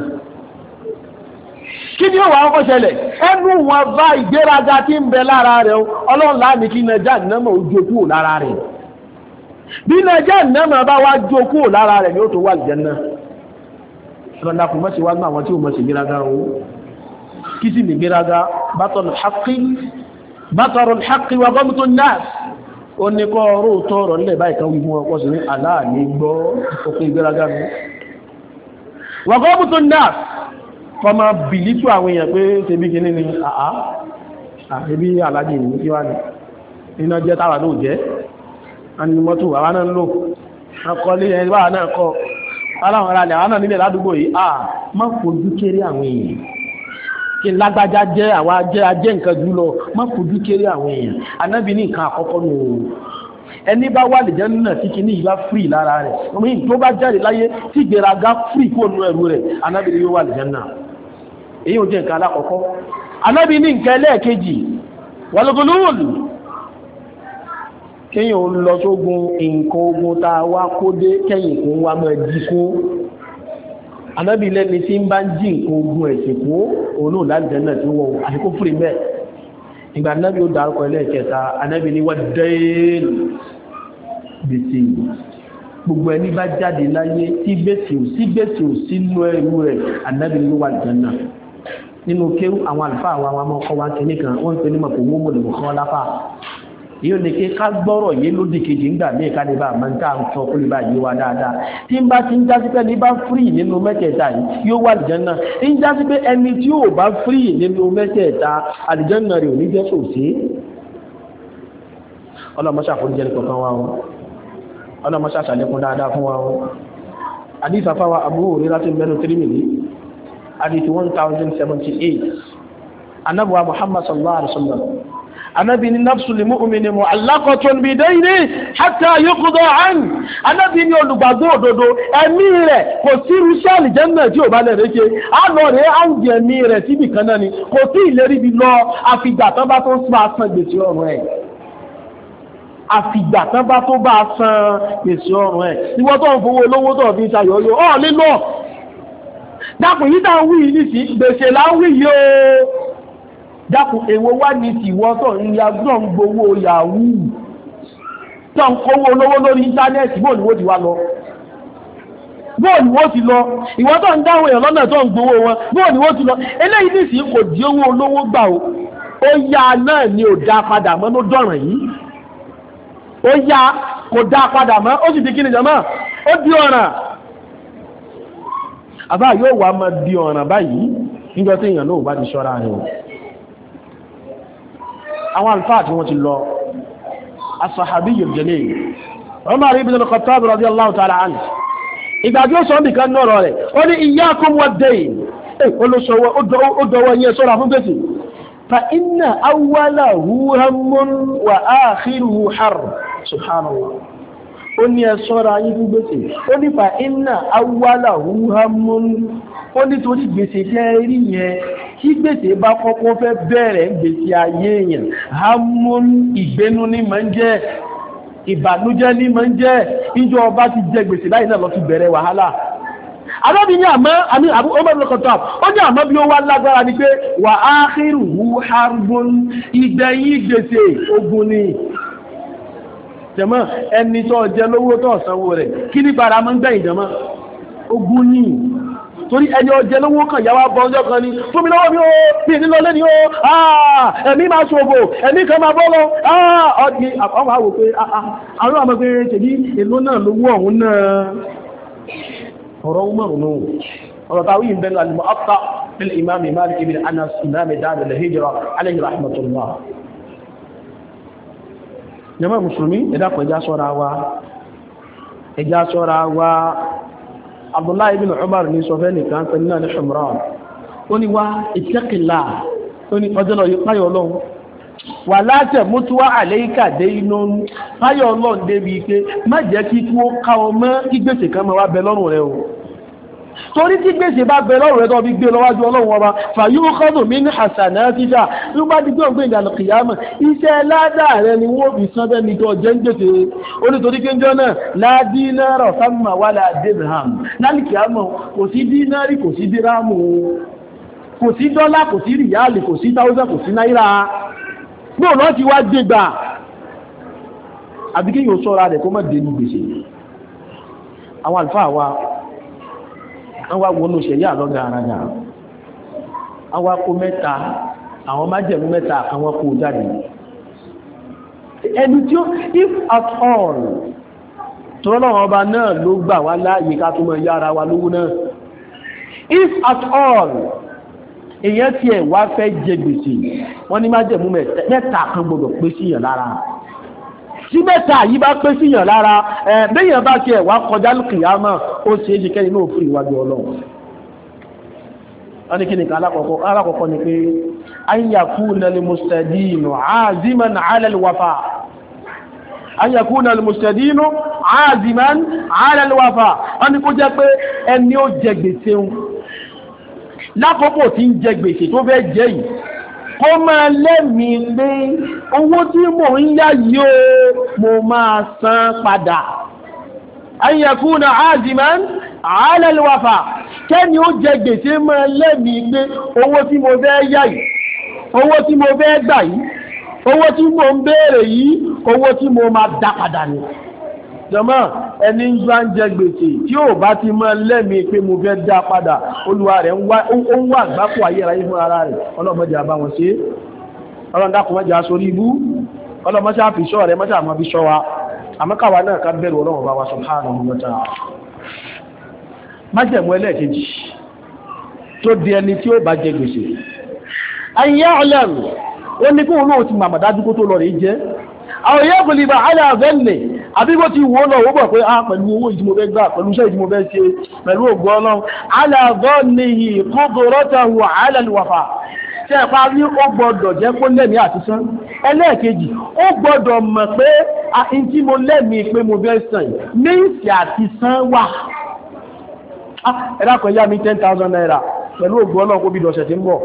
kí ni ó wà ọkọ̀ ṣẹlẹ̀ ẹnu wọn bá ìgbéraga tí ń bẹ lára rẹ̀ o ọlọ́run láàmì kí nàjà nàmọ̀ ojú kúrò lára rẹ̀ bí nàjà nàmọ̀ bá wá jó kúrò lára rẹ̀ ni ó tó wà àlùjánnà náà lọ́la kò mọ́sí wá ní àwọn tí ó mọ́sí gbéraga o kí sì ní gbéraga bátọrùn haqqi wa gọ́mùtò náà ó ní kọ́ ọ̀rọ̀ tọ́rọ̀ nílẹ̀ báyìí kan wíwọ́n ọkọ̀ sí ní aláàní gbọ́ òkú ìgbéraga mi wa gọ́mùtò náà kọ́ máa bìlítù àwọn èèyàn pé tẹbí kìíní ni àá àbí aláàjì ìlú ní iná jẹ́ táwa aláwọn ará àwọn náà nílẹ̀ yi yìí ma ah, má fojú kéré àwọn èèyàn kí n lágbájá jẹ́ àwa jẹ́ ajẹ́ nǹkan jù má fojú kéré àwọn èèyàn ní nǹkan àkọ́kọ́ ẹni bá wà lè jẹ́ nínà tí kìíní yìí bá lára rẹ̀ omi tó bá jáde láyé tí kó ẹrù rẹ̀ yóò wà lè kéèyàn lọ sógun nǹkan ogun tá a wá kó dé kẹ́yìn kún wa máa jí kó anábì lẹ́ni tí ń bá ń jí nǹkan ogun ẹ̀sìn kó òun náà láti dẹ́nà tí wọ́n àti kó fúri bẹ́ẹ̀ ìgbà anábì ó dárúkọ ẹlẹ́ẹ̀kẹta anábì ní wọ́n dẹ́ẹ̀lì gbèsè gbogbo ẹni bá jáde láyé tí gbèsè ò sí gbèsè ò sínú ẹrú rẹ̀ anábì ló wà dẹ́nà nínú kéwù àwọn àlùfáà wa wọn kọ́ wa kìnnìkan wọ́n ń pè ní mọ̀pọ̀ mọ́mọ́ yíò ní kí ká gbọ́rọ̀ yé lódì kejì ń gbà ní ìkàlẹ̀ bá máa ń tá à ń sọ kúrò báyìí wá dáadáa tí ń bá ti ń jásí pé ní bá fírì nínú mẹ́tẹ̀ẹ̀ta yìí yóò wà àlìjánná ń jásí pé ẹni tí ò bá fírì nínú mẹ́tẹ̀ẹ̀ta àlìjánná rẹ̀ ò ní jẹ́ sòsí. ọlọ́mọṣà fún jẹ́ nìkan kan wá wọn ọlọ́mọṣà thousand seventy eight anábùwà Muhammad sallallahu alaihi anabi ni nafsu li mu'mini mu'allaqatun bi dayni hatta yuqda an anabi ni olùgbàgbọ́ òdodo ẹ̀mí rẹ̀ kò sí irúṣẹ́ àlìjẹ́nà tí ò bá lè réke àlọ́ rẹ̀ á ń di ẹ̀mí rẹ̀ síbi kan náà ni kò sí ìlérí bi lọ àfìgbà tán bá tó máa san gbèsè ọ̀run ẹ̀ àfìgbà tán bá tó bá san gbèsè ọ̀run ẹ̀ ìwọ́n tó ń fowó olówó tó fi ṣàyọ̀yọ̀ ọ̀ lílọ̀ dàpọ̀ yìí tá à wí yìí nísìnyí gbèsè là ń wí yìí o dákun èwo wá ní tìwọ tó ń ya ń gbowó yahoo tó ń kówó olówó lórí íńtánẹ́ẹ̀tì bóò ni lọ bóò ni ti lọ ìwọ tó ń dáhùn èèyàn lọ́nà tó ń gbowó wọn bóò ni ti lọ eléyìí o ó yá náà ni ò dá padà mọ́ ló dọ̀ràn yìí ó yá kò dá padà mọ́ ó sì di kí ni ó di ọ̀ràn àbá yóò wá máa di àwọn alfáà tí wọ́n ti lọ asahabi yìí Umar ibn al-Khattab radiyallahu ta'ala anhu ìgbà tí ó sọ nìkan náà rẹ̀ ó ní iyyakum wad-dayn olóṣòwò ó dọwọ́ yẹn sọ́ra fún gbèsè fa inna awwalahu hammun wa akhiruhu harb subhanallah ó ní ẹ sọ́ra yín ó ní fa inna gbèsè jẹ́ rí yẹn tí gbèsè bá kọ́kọ́ fẹ́ bẹ̀rẹ̀ gbèsè ayé èèyàn hamon ìgbénú ní máa ń jẹ́ ìbànújẹ́ ní máa ń jẹ́ ìjọ ọba ti jẹ gbèsè láì náà lọ fi bẹ̀rẹ̀ wàhálà alábi ní àmọ́ àmì ọmọdékọ̀tà ó ní àmọ́ bí ó wá lágbára ni pé wà á hírù hu harbon ìgbẹ̀yìn gbèsè ogun ni jẹ̀mọ́ ẹni tó jẹ lówó tó sanwó rẹ̀ kí ní bara máa ń gbẹ̀yìn jẹ̀mọ́ ogun yìí torí ẹni ọjẹ lówó kan yàwá bọ́njọ́ kan ni fún mi lọ́wọ́ mi ó bí ìdílọ lẹ́ni ó ah, ẹ̀mí máa ṣòbò ẹ̀mí kan máa bọ́ lọ ah, ọdí ọmọ àwò pé ah, àwọn àmọ́ pé ṣèbí èlò náà lówó ọ̀hún náà ọ̀rọ̀ ọmọ òun ọ̀rọ̀ táwọn yìí ń bẹ́nu àlùmọ́ afta fil imam malik ibn anas abdullahi ibn umar ní sọ fẹ́ nìkan pẹ̀lú náà ní ṣùmùrán ó ní wá ìtẹ́kìlá ó ní ọjọ́ lọ páyọ̀ ọlọ́run wà látẹ̀ mútúwá àlẹ́yíkà dé inú páyọ̀ ọlọ́run débi pé má jẹ́ kí kú ó ká ọmọ kí kan máa wá bẹ lọ́rùn rẹ o torí tí gbèsè bá bẹ lọ́rùn ẹ̀tọ́ bí gbé lọ́wájú ọlọ́run ọba fàyíwó kọ́dùn mí ní àṣànà títà ló bá di gbọ́ngbé ìdànà kìyàmù iṣẹ́ ládà rẹ ni wọ́n fi san bẹ́ẹ̀ níjọ jẹ́ ń gbèsè ó ní torí kéńjọ náà ládí náírà sámà wà lá dirham lálì kìyàmù kò sí dínárì kò sí dírámù kò sí dọ́là kò sí rìyálì kò sí táwùsà kò sí náírà gbọ́n lọ́ ti wá dégbà àbí kéèyàn sọ́ra rẹ̀ kó má dénú gbèsè àwọn àlùfáà wa wá wọnú ṣẹ̀yà àlọ́gà àràgà àwọn akó mẹ́ta àwọn májẹ̀mú mẹ́ta àwọn kò jáde ẹni tí ó if at all tọ́lọ́wọ́ ọba náà ló gbà wá láàyè ká tó mọ̀ yára wa lówó náà if at all èyàn tí ẹ̀ wá fẹ́ jẹ gbèsè wọ́n ní májẹ̀mú mẹ́ta kan gbọdọ̀ pé síyàn lára tí mẹ́ta yìí bá pé síyàn lára ẹ béèyàn bá tiẹ̀ wá kọjá kìyàmà ó ṣeé ṣe kẹ́ni náà fún ìwájú ọlọ́run wọ́n kí aziman ala al-wafa ayyakuna al aziman ala al-wafa wọ́n ni kó jẹ́ pé ẹni ó lákòókò tí ń jẹ gbèsè tó fẹ́ jẹ yìí kọ́ máa lẹ́mìí lé owó tí mò ń yá yìí o máa san padà ayẹ̀kúnà azimán alẹ́lẹ́wàfà kẹ́ni ó jẹ gbèsè máa lẹ́mìí lé owó tí mo fẹ́ yá yìí owó tí mo fẹ́ gbà yìí owó tí mo ń béèrè yìí owó tí mo máa dá padà nìyẹn jọmọ́ ẹni ń bá ń jẹ gbèsè tí ò bá ti mọ lẹ́mìí pé mo fẹ́ dá padà olúwa rẹ̀ ó ń wà àgbákò ayérayé fún ara rẹ̀ ọlọ́mọdé àbá wọn ṣe ọlọ́run dákun mọ́jà sórí ibú ọlọ́mọṣẹ́ àfiṣọ́ rẹ̀ mọ́jà àmọ́ fi ṣọ́ wa àmọ́kàwá náà ká bẹ̀rù ọlọ́run bá wa subhanahu wa ta'ala májẹ̀mú ẹlẹ́ẹ̀kejì tó di ẹni tí ó bá jẹ gbèsè ayé ọlẹ́rù ó ní kí òun náà ti màmà dájú kó tó lọ rèé jẹ́ àwọn yẹ́ kò lè bá aláàbẹ́lẹ̀ àbí bó ti wọ́n lọ wó bọ̀ pé a ah, pẹ̀lú owó ìdímọ̀ bẹ́ gbà pẹ̀lú iṣẹ́ ìdímọ̀ bẹ́ ṣe pẹ̀lú ògbọ́ ọlọ́run aláàbọ́nìyí kọ́dọ̀rọ́tàwò alẹ́lùwàfà tí ẹ bá rí ó gbọ́dọ̀ jẹ́ kó lẹ́mí àti sán ẹlẹ́ẹ̀kejì ó gbọ́dọ̀ mọ̀ pé àyín ah, tí ah, pẹ̀lú ògbọ́ ọlọ́run kó bí dọ̀ṣẹ̀ tí ń bọ̀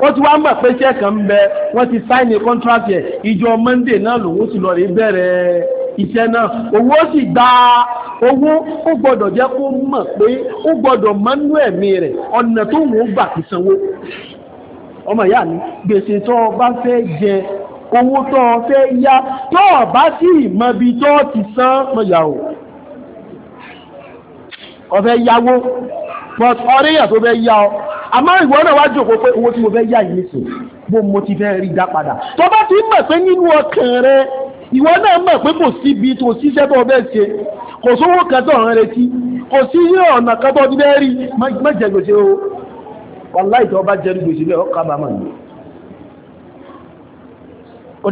ó ti wá mọ̀ pé iṣẹ́ kan ń bẹ wọ́n ti sign a contract yẹn ìjọ Monday náà lòun sì lọ rí bẹ̀rẹ̀ iṣẹ́ náà owó sì gba owó ó gbọ́dọ̀ jẹ́ kó mọ̀ pé ó gbọ́dọ̀ mọ́nú ẹ̀mí rẹ̀ ọ̀nà tó wọ́n gbà fi sanwó ọmọ ìyá mi gbèsè tó o bá fẹ́ jẹ owó tó o fẹ́ yá tó o bá sì mọbi tó o ti san mọ̀yà o ọ̀fẹ́ yáwó but ọ̀rẹ́ yẹn tó fẹ́ yá ọ àmọ́ ìwọ náà wá jókòó pé owó tí mo fẹ́ yá yìí nìsín bó mo ti fẹ́ rí dá padà tó bá ti mọ̀ pé nínú ọkàn rẹ ìwọ náà mọ̀ pé kò síbi tó ṣiṣẹ́ tó fẹ́ ṣe kò sówó kan tó ń retí kò sí ní ọ̀nà kan tó ti rí o wàláì tó bá jẹ gbèsè lẹ́ ọ̀ká bá ní. ó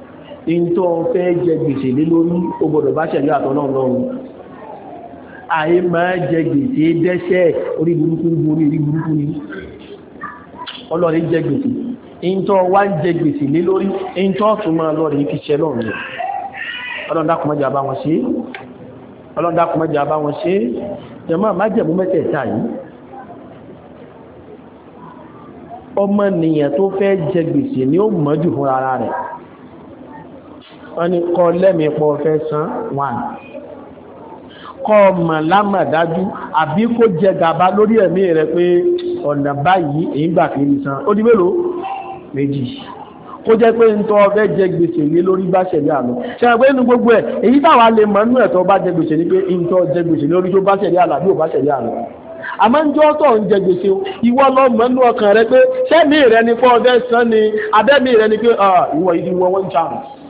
di ìntọ́ fẹ́ jẹ gbèsè lé lórí ó gbọ́dọ̀ bá ṣẹ̀lú àtọ́nà lọ́rùn àyè máa jẹ gbèsè dẹ́ṣẹ̀ orí burúkú borí orí burúkú ni ọlọ́rin jẹ gbèsè ìntọ́ wá ń jẹ gbèsè lé lórí ìntọ́ tún máa lọ́rin fi ṣẹ lọ́rùn ọlọ́run dákùnmọ́jà bá wọn ṣe ọlọ́run dákùnmọ́jà bá wọn ṣe jẹmọ́ àmájẹ̀mú mẹ́tẹ̀ẹ̀ta yìí ọmọ nìyàn tó fẹ́ jẹ gbèsè ni ó mọ́jú fún ara rẹ̀ wọ́n ní kọ́ lẹ́mìí pọ̀ fẹ́ san one kọ́ mọ̀ lámọ̀dájú àbí kó jẹ gàba lórí ẹ̀mí rẹ̀ pé ọ̀nà báyìí èyí gbà fi ń san ó di mélòó méjì kó jẹ́ pé ń tọ́ ọbẹ̀ jẹ gbèsè ní lórí bá ṣẹ̀lẹ̀ àlọ́ ṣẹlẹ̀ pé inú gbogbo ẹ̀ èyí táwa lè mọ̀ nínú ẹ̀tọ́ bá jẹ gbèsè ní pé ń tọ́ jẹ gbèsè lórí tó bá ṣẹ̀lẹ̀ àlọ́ àbí ò bá ṣẹ̀lẹ̀ àlọ́ àmọ́ ń jọ́ tọ̀ ń jẹ gbèsè ìwọ lọ mọ̀ nínú ọkàn rẹ pé sẹ́mi rẹ ni pé ọbẹ̀ san ni abẹ́mi rẹ ni pé ah, ìwọ ìdíwọ́ one chance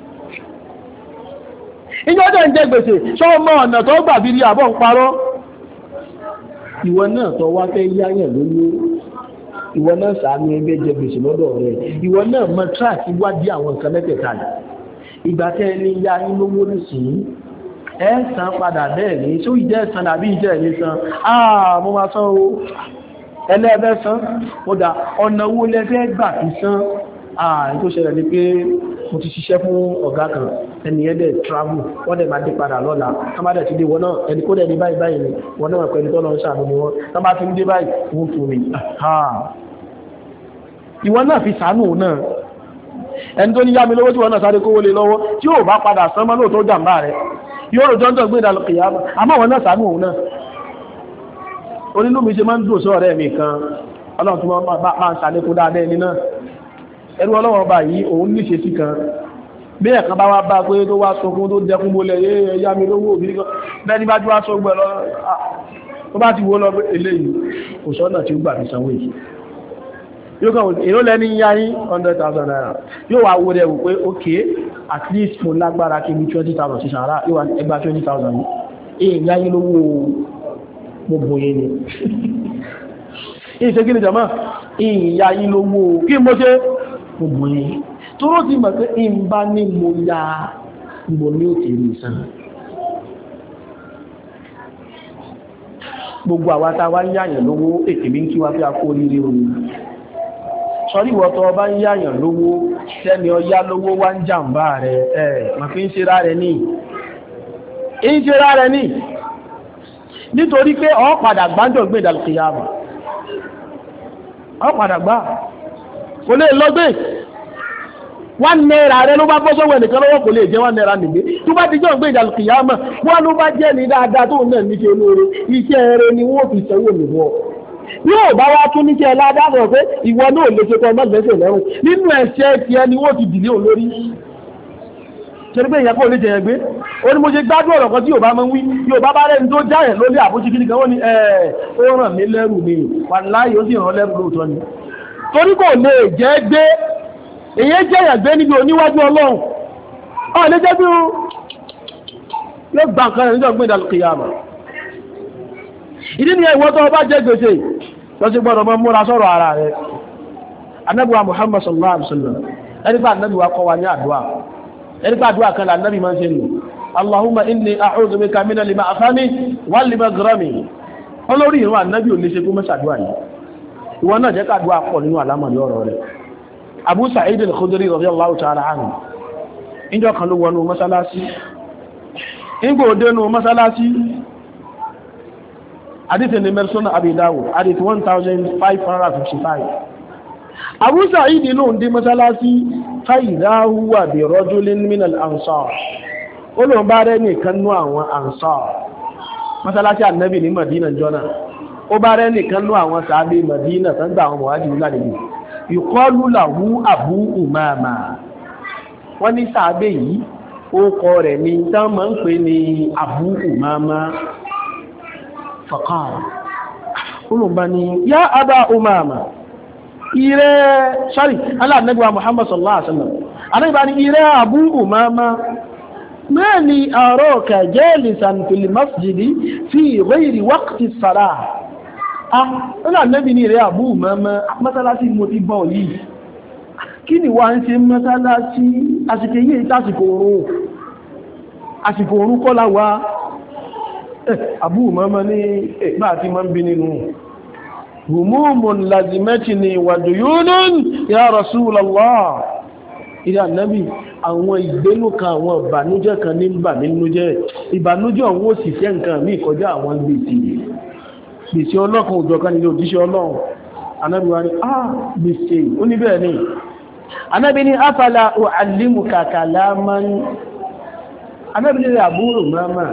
ìjọ jẹ́ ń jẹ gbèsè ṣọ́ ọmọ ọ̀nà tó gbà bí rí àbọ̀ ń parọ́ ìwọ náà tó wá fẹ́ yáyàn lóyún ìwọ náà sàánú ẹgbẹ́ jẹ gbèsè lọ́dọ̀ rẹ̀ ìwọ náà mọ tíráàkì wádìí àwọn nǹkan mẹ́tẹ̀ẹ̀ta yìí ìgbà tẹ́ ẹni ya yín lówó nísìnyí ẹ san padà bẹ́ẹ̀ ní tó ìjẹ́ san àbí ìjẹ́ ní san àà mo máa san o ẹlẹ́ẹ̀fẹ́ san ó dà ọ̀nà owó lẹ́fẹ́ gbà fi san àà tó mo ti ṣiṣẹ́ fún ọ̀gá kan ẹni yẹn travel wọ́n dẹ̀ máa dé padà lọ́la wọ́n bá dẹ̀ ti dé wọn náà ẹni kó dẹ̀ ní báyìí báyìí ni wọn náà pẹ̀lú tó lọ ń ṣàánú ni wọn wọ́n bá ti ń dé báyìí wọ́n fún mi. ìwọ náà fi ṣàánú náà ẹni tó ní yá mi lówó tí wọn náà sáré kówó lé lọ́wọ́ tí yóò bá padà sán mọ́ lóòótọ́ jàǹbá rẹ̀ yóò rò jọ́ńtọ́ gbé ìdàlọ́ kìyàmá àmọ́ wọn náà ṣàánú òun náà onínú ṣe máa ń dùn sọ́ọ̀rẹ́ mi kan ọlọ́run tó máa ń ṣàlékún dáadáa náà ẹrú ọlọ́wọ́n bá yìí òun níṣe sí kan bí ẹ̀kan bá wá bá pé tó wá sọkún tó dẹkún bólẹ̀ yé ẹ̀yà mi lówó òbí kan bẹ́ẹ̀ni bá tí wá sọ gbẹ lọ ah, bá ti wó lọ eléyìí kò sọ́nà tí ó gbà fi sanwó yìí yóò kàn èrò lẹ́ni yá yín hundred thousand naira yóò wá wo rẹ̀ wò ok at least mo lágbára kí mi twenty thousand sísan ara yóò wá ẹgbàá twenty thousand yìí èèyàn yá yín lówó mo bòye ni ìṣe kí ni jàmá ìyá yín lówó kí mo ṣe obìnrin tóró ti mọ̀ in bá ní mo ya mo ní ó gbogbo àwátá wá ń yáyàn lówó ètèmí kí wá fí akó oríire omi sọ́rí ìwọ̀tọ̀ ọba ń yáyàn lówó sẹ́ni ọyá lówó wá ń jàǹbá rẹ̀ ẹ̀ fi ń ṣe rárẹ̀ ní ń ṣe rárẹ̀ ní nítorí pé ó padà gbájọ̀ gbé kò lè lọ gbé one naira rẹ ló bá bọ́ sọ́wọ́ ẹnìkan lọ́wọ́ kò lè jẹ́ one naira nìgbé tó bá ti jọ́ gbé ìjà kìyà mọ̀ wọ́n ló bá jẹ́ ní dáadáa tóun náà ní ṣe olóore iṣẹ́ rẹ ni wọ́n fi sanwó mi wọ́ yóò bá wá tún níṣẹ́ ládàbọ̀ pé ìwọ náà lè ṣe tọ́ mọ́gbẹ́sẹ̀ lẹ́rùn nínú ẹ̀ṣẹ̀ tiẹ̀ ni wọ́n ti dìlé olórí ṣe pé ìyàpọ̀ olè ni ẹ̀ẹ́ torí kò lè jẹ́ gbé èyí jẹ́ ìyàgbé níbi oníwájú ọlọ́run ọ̀ lè jẹ́ bí ó ló gbà kan rẹ̀ níjọ́ gbé ìdàlùkìyàmà ìdí ni ẹ̀wọ́ tó bá jẹ́ gbèsè lọ sí gbọ́dọ̀ mọ́ múra sọ́rọ̀ ara rẹ̀ anábíwa Muhammad sallallahu alaihi wasallam ẹnipa anábíwa kọ́ wa ní àdúwà ẹnipa àdúwà kan là anábí máa Allahumma inni a'udhu bika min al-ma'thami wal-maghrami olórí ìrún ìwọ náà jẹ́ kàdúwà pọ̀ nínú àlámọ̀lé ọ̀rọ̀ rẹ̀ Abu Sa'id al-Khudri radiyallahu ta'ala anhu ìjọ kan ló wọnú mọ́sálásí ìgbò òdénú mọ́sálásí àdìsí ní mẹ́sánà Abi Dawud àdìsí 1555 Abu Sa'id ló ń dé mọ́sálásí fa'idha huwa bi rajulin min al-ansar ó lóun bá rẹ́ nìkan nú àwọn ansar mọ́sálásí ànábì ní Madina jọ́nà ó bá rẹ́ nìkan ló àwọn sàábé Madina tán gbà àwọn mọ̀wájú lálejò ìkọlù làwú Abu Umama wọ́n ní sàábé yìí ó kọ rẹ̀ ní tán máa ń pè ní Abu Umama faqala olùbá ni yá Aba Umama ire sorry aláàdínẹ́gbà Muhammad sallallahu alaihi wasallam aláàdínẹ́gbà ni ire Abu Umama ما لي أراك جالسا في المسجد في غير وقت الصلاة Ah, ọ̀nà lẹ́bí ní rẹ̀ àbú mọ́mọ́ mọ́sálásí mo ti bọ̀ yìí kí ni wá ń ṣe mọ́sálásí àsìkò yìí tásìkò oòrùn àsìkò oòrùn kọ́lá wá àbú mọ́mọ́ ní ẹgbà àti mọ́ ń bí nínú humumun lazimẹ́tì ni wàdù yúnún ya Rasulullah ìrẹ́ ànábì àwọn ìgbénú kan àwọn ìbànújẹ́ kan ní ìbànújẹ́ ìbànújẹ́ òun ó sì fẹ́ nǹkan mí kọjá àwọn gbèsè gbèsè ọlọ́kan òjọ̀kan nílé òjíṣẹ́ ọlọ́run anábì wá ní ah gbèsè ó ní bẹ́ẹ̀ ni anábì ní afala o alimu kàkàlá máa ń anábì ní àbúrò máma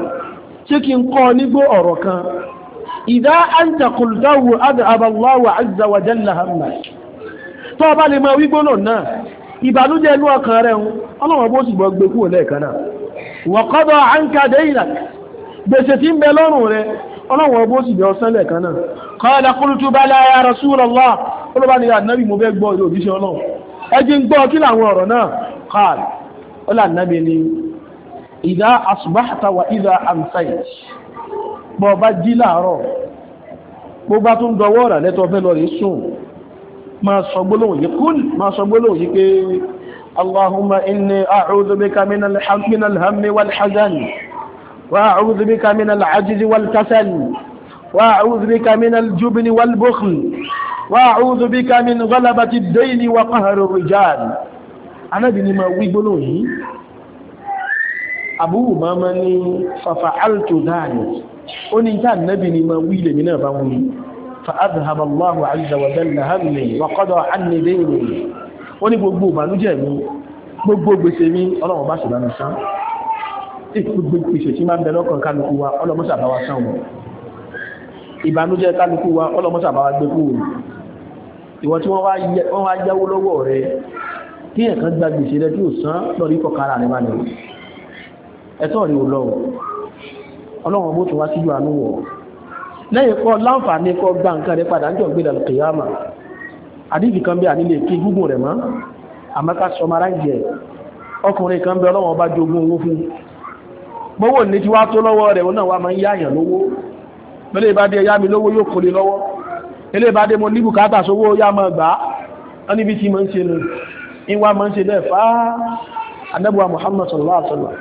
ṣé kí n kọ́ nígbó ọ̀rọ̀ kan ìdá anta qultahu adhaba gbèsè tí ń bẹ lọ́rùn rẹ̀ ọlọ́wọ̀n ọgbó sì bẹ́ ọsán lẹ́ẹ̀kan náà kọ́ọ̀dá kúrútú bá láyá Rasulullah olóbá ni ànábì mo fẹ́ gbọ́ ìlú òbíṣẹ́ ọlọ́run ẹjí ń gbọ́ kí làwọn ọ̀rọ̀ náà kọ́ọ̀dá ọlá ànábì ni ìdá asbahta wa ìdá amsayt bọ́ bá jí láàárọ̀ bó bá tún dọwọ́ rà lẹ́tọ́ fẹ́ lọ وأعوذ بك من العجز والكسل وأعوذ بك من الجبن والبخل وأعوذ بك من غلبة الدين وقهر الرجال أنا بني ما ويقولوني Abu Umama ní fafa'altu dhalik ó ní tá nábi ni ma wílẹ̀ mi náà bá wí fa'adhhab Allahu azza wa jalla hammi wa qada anni dayni ó ní gbogbo ìbànújẹ́ mi gbogbo gbèsè mi Ọlọ́run bá ṣe bá mi sán sí gbogbo ìpèsè tí máa ń bẹ lọ́kàn kálukú wa ọlọ́mọ́sà bá wa sàn wọ̀ ìbànújẹ́ kálukú wa ọlọ́mọ́sà bá wa gbé kúrò ìwọ tí wọ́n wá yáwó lọ́wọ́ rẹ kí ẹ̀kan gba gbèsè rẹ tí ò san lọ́rí kọkàrà rẹ bá lẹ̀ ẹ̀tọ́ rí olọ́ ọlọ́run bó tún wá síjú àánú wọ̀ lẹ́yìn kọ́ láǹfààní kọ́ gba nǹkan rẹ padà ń jọ gbé dàlù kìyàmà àdìgì kan bí ànílé kí gúgùn rẹ̀ mọ́ àmọ́ ká sọmọ aráàjẹ ọkùnrin kan bẹ ọlọ́run ọba jogún owó fún gbówó ní ti wá tó lọ́wọ́ rẹ̀ wọn náà wá máa ń yáyàn lówó lọ́lẹ́ ìbádé ẹ̀yá mi lówó yóò kò lè lọ́wọ́ ilé ìbádé mo ní bùkátà sówó yá máa gbà á níbi tí mo ń ṣe nù ìwà máa ń ṣe bẹ́ẹ̀ fá anábùwà Muhammad sallallahu alaihi wasallam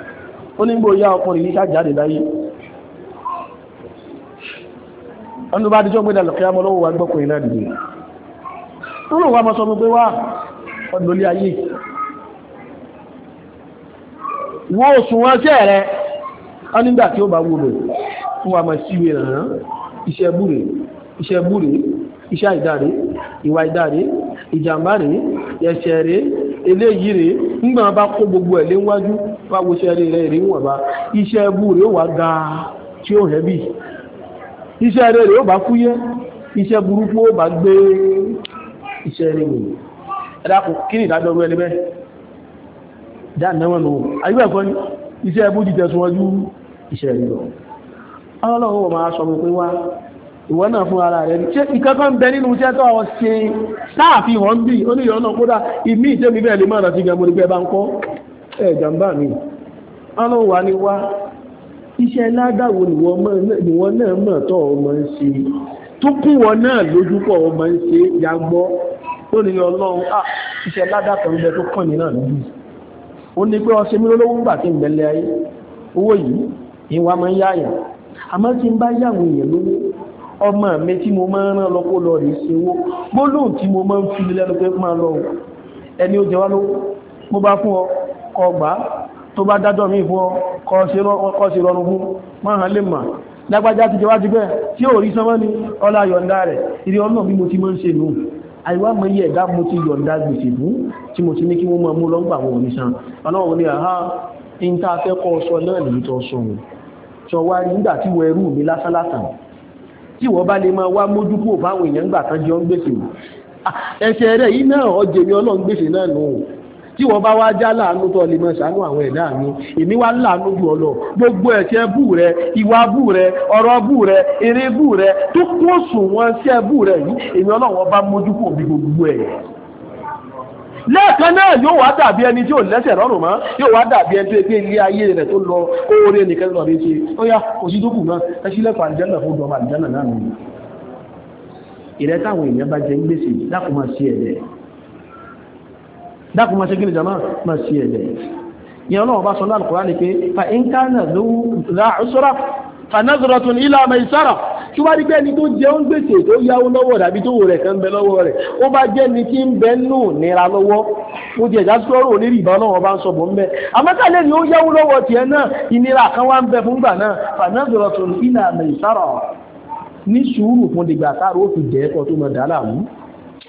ó wọn sí ẹ̀rẹ́ a nígbà tí ó bá wúlò fún wa máa síwé ràn iṣẹ́ búrè iṣẹ́ búrè iṣẹ́ ìdáre ìwà ìdáre ìjàmbá rè ẹ̀ṣẹ̀ rè eléyìí rè nígbà bá kó gbogbo ẹ̀ léwájú bá wo iṣẹ́ rẹ̀ rí wọ̀n bá iṣẹ́ búrè ó wà ga tí ó hẹ́bì iṣẹ́ rẹ̀ rẹ̀ ó bá fúyẹ́ iṣẹ́ burúkú ó bá gbé iṣẹ́ rẹ̀ mi ẹ̀dá kò kí ni ìdájọ́ rú ẹni bẹ́ẹ̀ dáa náà wọn nù ayé ẹ̀kọ́ ni iṣẹ́ ẹbú jíjẹ síwájú iṣẹ́ ìlọ ọlọ́run wọ́n máa sọ mú pé wá ìwọ náà fún ara rẹ̀ ṣe ìkankan bẹ nínú iṣẹ́ tó ọ ṣe sáàfihàn bí oníyọ̀ náà kódà ìmí ìṣẹ́ mi bẹ́ẹ̀ lè máa rántí gẹ̀mọ́ nígbẹ́ bá ń kọ́ ẹ̀ jàmbá mi ọlọ́run wà ní wá iṣẹ́ ládàwò nìwọ náà mọ̀ tọ́ ọmọ ń ṣe tó kún wọn náà lójúpọ̀ ọmọ ń ṣe yàgbọ́ ó ní ọlọ́run ah, iṣẹ́ ládàkọ̀ ń bẹ tó kàn ní náà lójú ó ní pé ọsẹ mi lólówó ń gbà tí ń bẹ̀lẹ̀ ayé owó yìí ni wà máa ń yáyàn àmọ́ tí ń bá yàwó èèyàn lówó ọmọ mi tí mo máa ń rán lọ rèé sí owó gbólóhùn tí mo máa ń fi lẹ́nu pé máa lọ ẹni ó jẹ wá lówó ọ kọ gbà tó bá dájọ́ mi ọ sí rọrùn fún máa hàn lè mà lágbájá ti jẹ wá ti bẹ́ẹ̀ tí rí sánmọ́ ni ọlá mo ti máa ń àìwá mọ̀ iye ẹ̀dá mo ti yọ̀ǹda gbèsè fún tí mo ti ní kí wọ́n mọ̀ mú lọ́gbà wọn ní san ọlọ́run ní àhá in tá a fẹ́ kọ́ sọ náà nìyí tó sọ wọn sọ wá nígbà tí wọ ẹrú mi lásánlásán tí wọ́n bá lè máa wá mójúkú fáwọn èèyàn gbà tán jẹ́ ọ́n gbèsè ah, ẹsẹ̀ rẹ̀ yìí náà ọjẹ̀mí ọlọ́run gbèsè náà nù tí wọ́n bá wá já láàánú tó lè mọ̀ ṣàánú àwọn ẹ̀dá mi èmi wá láàánú jù ọ lọ gbogbo ẹ̀ṣẹ̀ bù rẹ ìwà bù rẹ ọ̀rọ̀ bù rẹ eré bù rẹ tó kó sùn wọn sí ẹ̀bù rẹ yìí èmi ọlọ́wọ́ bá mójú kò bí gbogbo ẹ̀ lẹ́ẹ̀kan náà yóò wá dàbí ẹni tí ò lẹ́sẹ̀ lọ́rùn mọ́ yóò wá dàbí ẹni tó gbé ilé ayé rẹ̀ tó lọ oore nìkan lọ́ọ́ léṣe ó yá òsì tó kù náà ẹ sílẹ̀kùn àlìjánà fún ọmọ àlìjánà náà nìyí ìrẹ́tàwọn èèyàn bá jẹ ń gbèsè lákùnmọ̀ sí ẹ̀rẹ́ dákùn máa ṣe gíní jama máa ṣe ẹ̀lẹ̀ yẹn ọlọ́wọ́ bá sọ́nà alùkùrá ní pé fa in kana láàúsọ́rà fa nazratun ila maisara tí wá rí pé ẹni tó jẹ́ ń gbèsè tó yáwó lọ́wọ́ rẹ̀ àbí tó wò rẹ̀ kan bẹ lọ́wọ́ rẹ̀ ó bá jẹ́ ni tí ń bẹ nù nira lọ́wọ́ ó di ẹ̀já sọ́rọ̀ onírì ìbá ọlọ́wọ́ bá ń sọ bò ń bẹ àmọ́tàlẹ́ ni ó yáwó lọ́wọ́ tiẹ̀ náà ìnira kan wá ń bẹ fún gbà náà fa nazratun ila maisara ní sùúrù fún dìgbà sáà ó fi jẹ́ ẹ̀kọ́ tó mọ̀ dá láàmú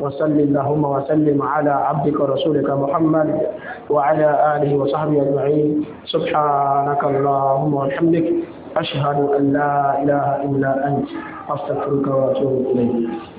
وصل اللهم وسلم على عبدك ورسولك محمد وعلى آله وصحبه أجمعين سبحانك اللهم وبحمدك أشهد أن لا إله إلا أنت أستغفرك وأتوب إليك